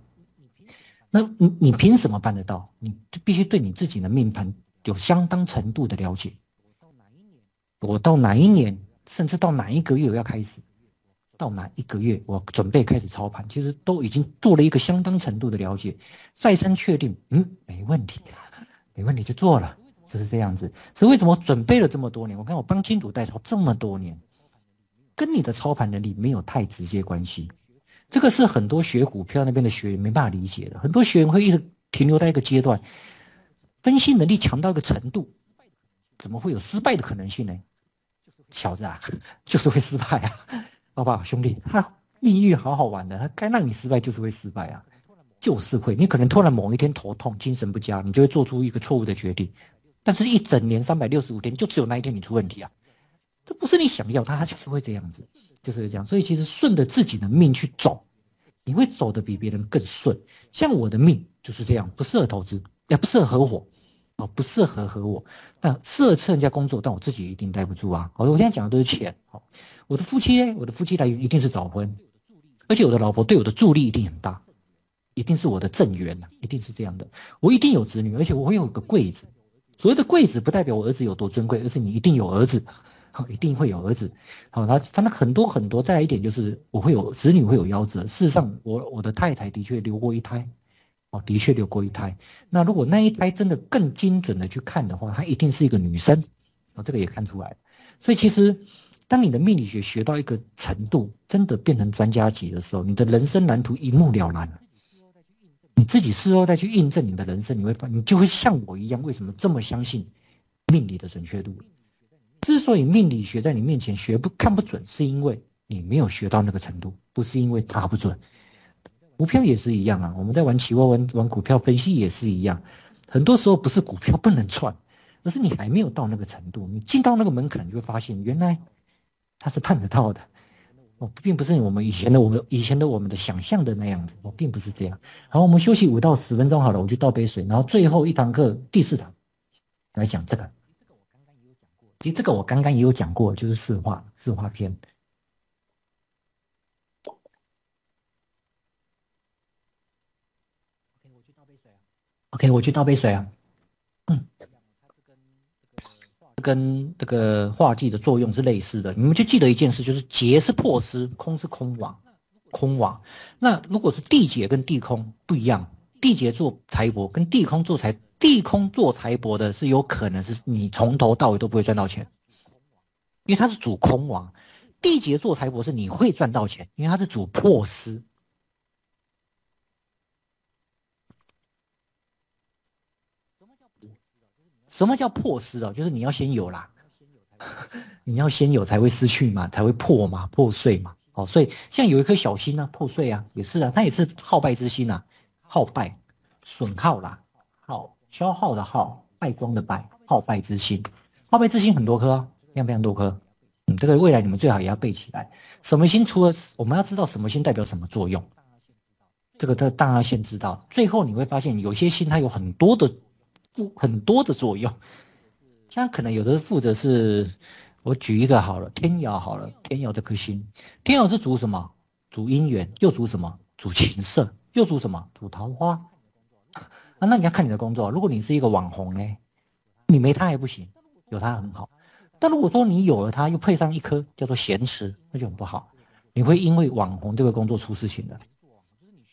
那你你憑什麼辦得到？你就必須對你自己的命盤有相當程度的了解。我到哪一年？我到哪一年？甚至到哪一個月我要開始？到哪一個月我準備開始操盤？其實都已經做了一個相當程度的了解，再三確定，嗯，沒問題，沒問題就做了，就是這樣子。所以為什麼我準備了這麼多年？我看我幫金主代操這麼多年，跟你的操盤能力沒有太直接關係，這個是很多學股票那邊的學員沒辦法理解的。很多學員會一直停留在一個階段，分析能力強到一個程度，怎麼會有失敗的可能性呢？小子啊，就是會失敗啊，好不好？兄弟，他命運好好玩的，他該讓你失敗就是會失敗啊，就是會。你可能突然某一天頭痛、精神不佳，你就會做出一個錯誤的決定，但是一整年三百六十五天就只有那一天你出問題啊。這不是你想要，他他就是會這樣子，就是會這樣。所以其實順着自己的命去走，你會走得比別人更順。像我的命就是這樣，不適合投資，也不適合合夥，哦，不適合合夥。但適合吃人家工作，但我自己也一定待不住啊。好，我現在講的都是錢。我的夫妻，我的夫妻來源一定是早婚，而且我的老婆對我的助力一定很大，一定是我的正緣，一定是這樣的。我一定有子女，而且我會有一個貴子。所謂的貴子，不代表我兒子有多尊貴，而是你一定有兒子。哦、一定會有兒子，好、哦，那反正很多很多。再來一點就是，我會有子女會有夭折。事實上我，我我的太太的確留過一胎，哦，的確留過一胎。那如果那一胎真的更精準的去看的話，她一定是一個女生，哦，這個也看出來。所以其實，當你的命理學學到一個程度，真的變成專家級的時候，你的人生藍圖一目了然。你自己事後再去印證你的人生，你會發，你就會像我一樣，為什麼這麼相信命理的準確度？之所以命理學在你面前學不，看不準，是因為你沒有學到那個程度，不是因為他不準。股票也是一樣啊，我們在玩期貨，玩玩股票分析也是一樣。很多時候不是股票不能賺，而是你還沒有到那個程度。你進到那個門檻，你就會發現原來他是盼得到的。我、哦、並不是我們以前的我們以前的我們的想象的那樣子，我、哦、並不是這樣。然後我們休息五到十分鐘好了，我去倒杯水。然後最後一堂課第四堂來講這個。其實這個我剛剛也有講過，就是四化四化篇。OK，我去倒杯水啊。OK，我去倒杯水啊。嗯。跟這個化忌的作用是類似的，你們就記得一件事，就是劫是破失，空是空亡，空亡。那如果是地劫跟地空不一樣，地劫做財帛，跟地空做財。地空做財帛的，是有可能是你從頭到尾都不會賺到錢，因為它是主空王。地劫做財帛是你會賺到錢，因為它是主破失。什麼叫破失啊？就是你要先有啦， 你要先有才會失去嘛，才會破嘛，破碎嘛。好，所以像有一顆小星啊，破碎啊，也是啊，它也是耗敗之星啊，耗敗損耗啦，好消耗的耗，敗光的敗，耗敗之星。耗敗之星很多顆啊，量非常多顆。嗯，這個未來你們最好也要背起來。什麼星除了我們要知道什麼星代表什麼作用，這個大家先知道。最後你會發現有些星它有很多的很多的作用，像可能有的是負責是，我舉一個好了，天姚好了，天姚這顆星，天姚是主什麼？主姻緣，又主什麼？主情色，又主什麼？主桃花。那你要看你的工作，如果你是一個網紅呢，你沒他還不行，有他很好。但如果說你有了他，又配上一顆叫做鹹池，那就很不好。你會因為網紅這個工作出事情的。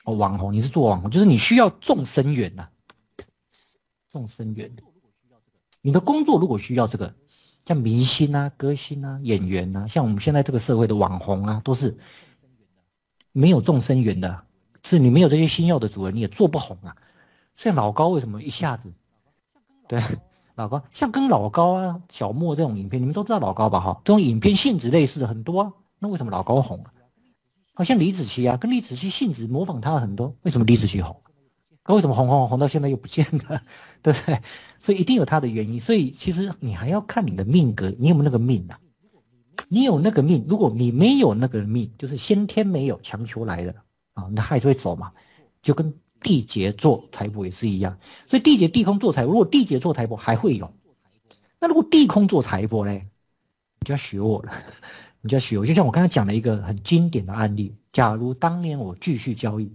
哦，網紅，你是做網紅，就是你需要眾生緣吶、啊，眾生緣。你的工作如果需要這個，像明星啊、歌星啊、演員啊，像我們現在這個社會的網紅啊，都是沒有眾生緣的，是你沒有這些星耀的主人，你也做不紅啊。像老高為什麼一下子，對，老高像跟老高啊、小莫這種影片，你們都知道老高吧？哈，這種影片性質類似的很多啊，那為什麼老高紅啊？好像李子柒啊，跟李子柒性質模仿他很多，為什麼李子柒紅？他為什麼紅紅紅到現在又不見了？對不對？所以一定有他的原因。所以其實你還要看你的命格，你有沒有那個命啊？你有那個命，如果你沒有那個命，就是先天沒有強求來的啊你的啊，那還是會走嘛，就跟。地劫做財帛也是一樣，所以地劫地空做財帛，如果地劫做財帛還會有，那如果地空做財帛嘞，你就要學我了，你就要學我，就像我剛才講了一個很經典的案例，假如當年我繼續交易，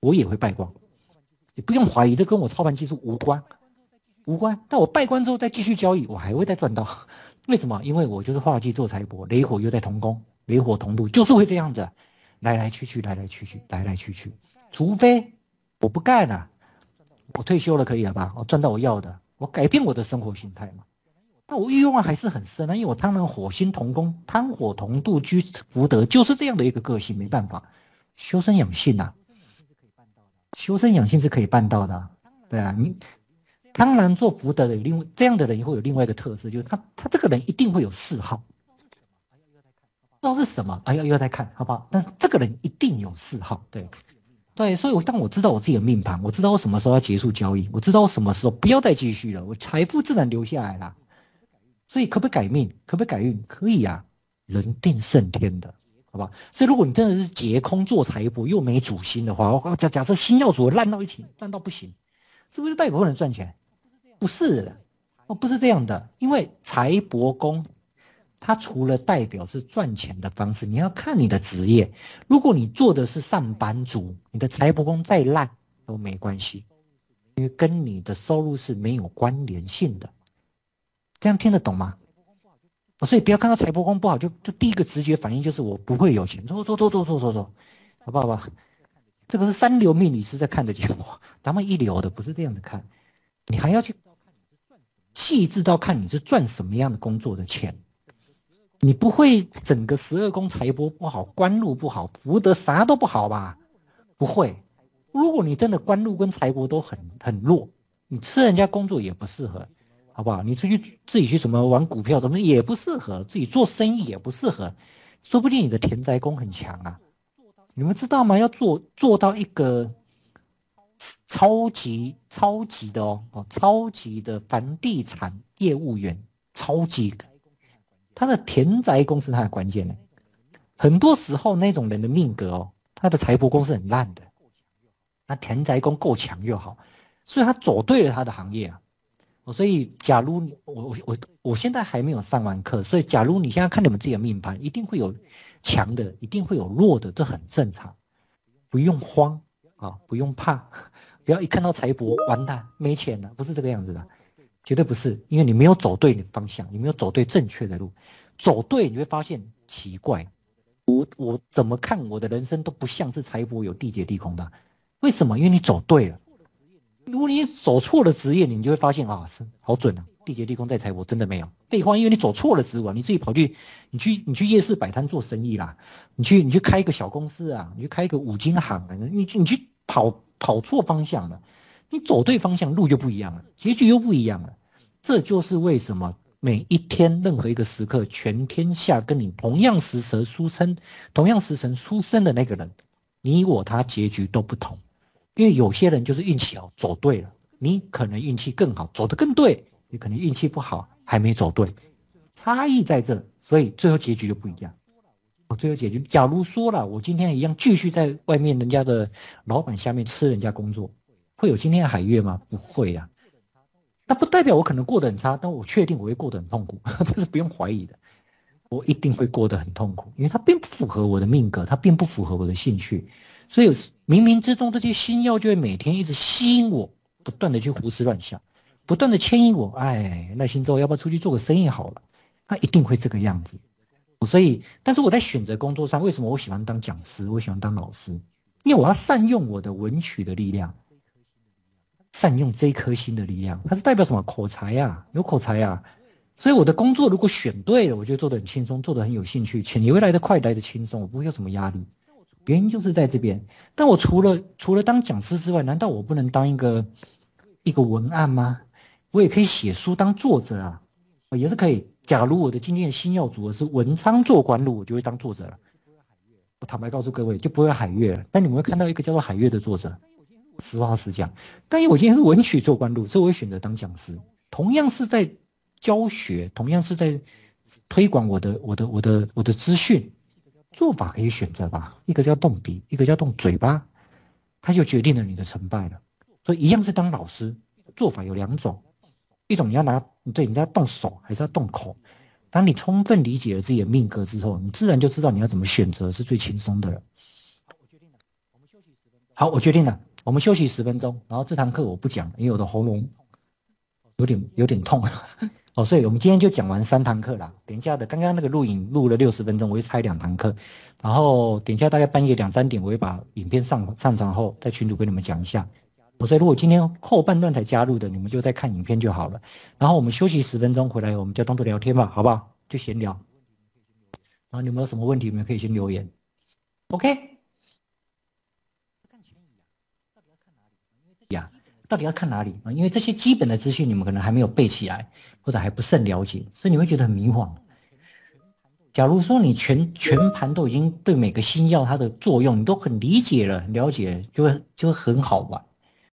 我也會敗光，你不用懷疑，這跟我操盤技術無關，無關。但我敗光之後再繼續交易，我還會再賺到，為什麼？因為我就是化忌做財帛，雷火又在同宮，雷火同度，就是會這樣子，來來去去，來來去去，來來去去，來來去去，除非。我不幹了、啊，我退休了可以了吧？我、哦、賺到我要的，我改變我的生活形態嘛。那我欲望還是很深啊，因為我貪狼火星同宮，貪火同度居福德，就是這樣的一個個性，沒辦法。修身養性吶、啊，修身養性是可以辦到的、啊。修身養性是可以辦到的、啊。對啊，你貪狼坐福德的有另，另這樣的人以後有另外一個特色，就是他他這個人一定會有嗜好。不知道是什麼？哎、啊，要要再看，好不好？但是這個人一定有嗜好，對。對，所以我當我知道我自己的命盤，我知道我什麼時候要結束交易，我知道我什麼時候不要再繼續了，我財富自然留下來了。所以可不可以改命？可不可以改運？可以呀、啊，人定勝天的，好吧？好？所以如果你真的是劫空做財帛又沒主星的話，假假設星曜主爛到一起，爛到不行，是不是代表不能賺錢？不是的，哦，不是這樣的，因為財帛宮，它除了代表是賺錢的方式，你要看你的職業。如果你做的是上班族，你的財帛宮再爛都沒關係，因為跟你的收入是沒有關聯性的。這樣聽得懂嗎？所以不要看到財帛宮不好就就第一個直覺反應就是我不會有錢。走走走走走走走，好不好？這個是三流命理師在看的結果，咱們一流的不是這樣子看。你還要去細緻到看你是賺什麼樣的工作的錢。你不會整個十二宮財帛不好，官祿不好，福德啥都不好吧？不會，如果你真的官祿跟財帛都很很弱，你吃人家工作也不適合，好不好？你出去自己去怎麼玩股票，怎麼也不適合，自己做生意也不適合，說不定你的田宅宮很強啊，你們知道嗎？要做做到一個超級超級的哦，超級的房地產業務員，超級。他的田宅宮是他的關鍵呢，很多時候那種人的命格哦，他的財帛宮是很爛的，那田宅宮夠強又好，所以他走對了他的行業啊。我所以假如我我我我現在還沒有上完課，所以假如你現在看你們自己的命盤，一定會有強的，一定會有弱的，這很正常，不用慌啊，不用怕，不要一看到財帛完蛋沒錢了，不是這個樣子的。絕對不是，因為你沒有走對你的方向，你沒有走對正確的路，走對你會發現奇怪。我我怎麼看我的人生都不像是財帛有地劫地空的，為什麼？因為你走對了。如果你走錯了職業，你就會發現啊，是好準啊，地劫地空在財帛真的沒有。對方因為你走錯了職業、啊，你自己跑去，你去你去夜市擺攤做生意啦，你去你去開一個小公司啊，你去開一個五金行啊，你去你去跑跑錯方向了、啊。你走對方向，路就不一樣了，結局又不一樣了。這就是為什麼每一天，任何一個時刻，全天下跟你同樣時辰出生、同樣時辰出生的那個人，你我他結局都不同。因為有些人就是運氣好，走對了；你可能運氣更好，走得更對；你可能運氣不好，還沒走對，差異在這，所以最後結局就不一樣。我、哦、最後結局，假如說了，我今天一樣繼續在外面人家的老板下面吃人家工作。會有今天的海月嗎？不會呀、啊。那不代表我可能過得很差，但我確定我會過得很痛苦，這是不用懷疑的。我一定會過得很痛苦，因為它並不符合我的命格，它並不符合我的興趣。所以冥冥之中，這些星曜就會每天一直吸引我，不斷的去胡思亂想，不斷的牽引我。哎，耐心之後要不要出去做個生意好了？它一定會這個樣子。所以，但是我在選擇工作上，為什麼我喜歡當講師，我喜歡當老師？因為我要善用我的文曲的力量。善用這一顆心的力量，它是代表什麼？口才呀、啊，有口才呀、啊。所以我的工作如果選對了，我就做得很輕鬆，做得很有興趣，錢也會來得快，來得輕鬆，我不會有什麼壓力。原因就是在這邊。但我除了除了當講師之外，難道我不能當一個一個文案嗎？我也可以寫書當作者啊，也是可以。假如我的今天的星曜主是文昌做官路，我就會當作者了。我坦白告訴各位，就不會有海月了。但你們會看到一個叫做海月的作者。實話實講，但因為我今天是文曲做官祿，所以我選擇當講師。同樣是在教學，同樣是在推廣我的我的我的我的資訊，做法可以選擇吧。一個叫動筆，一個叫動嘴巴，它就決定了你的成敗了。所以一樣是當老師，做法有兩種，一種你要拿對，你要動手還是要動口？當你充分理解了自己的命格之後，你自然就知道你要怎麼選擇是最輕鬆的了。好，我決定了，我們休息十分鐘。好，我決定了。我們休息十分鐘，然後這堂課我不講，因為我的喉嚨有點有點痛。 哦，所以我們今天就講完三堂課啦。等一下的剛剛那個錄影錄了六十分鐘，我會拆兩堂課。然後等一下大概半夜兩三點，我會把影片上上傳後，在群組跟你們講一下。我說如果今天後半段才加入的，你們就再看影片就好了。然後我們休息十分鐘，回來我們就當做聊天吧，好不好？就閒聊。然後你們有，有什麼問題，你們可以先留言。OK。到底要看哪裡啊？因為這些基本的資訊你們可能還沒有背起來，或者還不甚了解，所以你會覺得很迷惘。假如說你全全盤都已經對每個星曜它的作用你都很理解了、了解了，就會就會很好吧。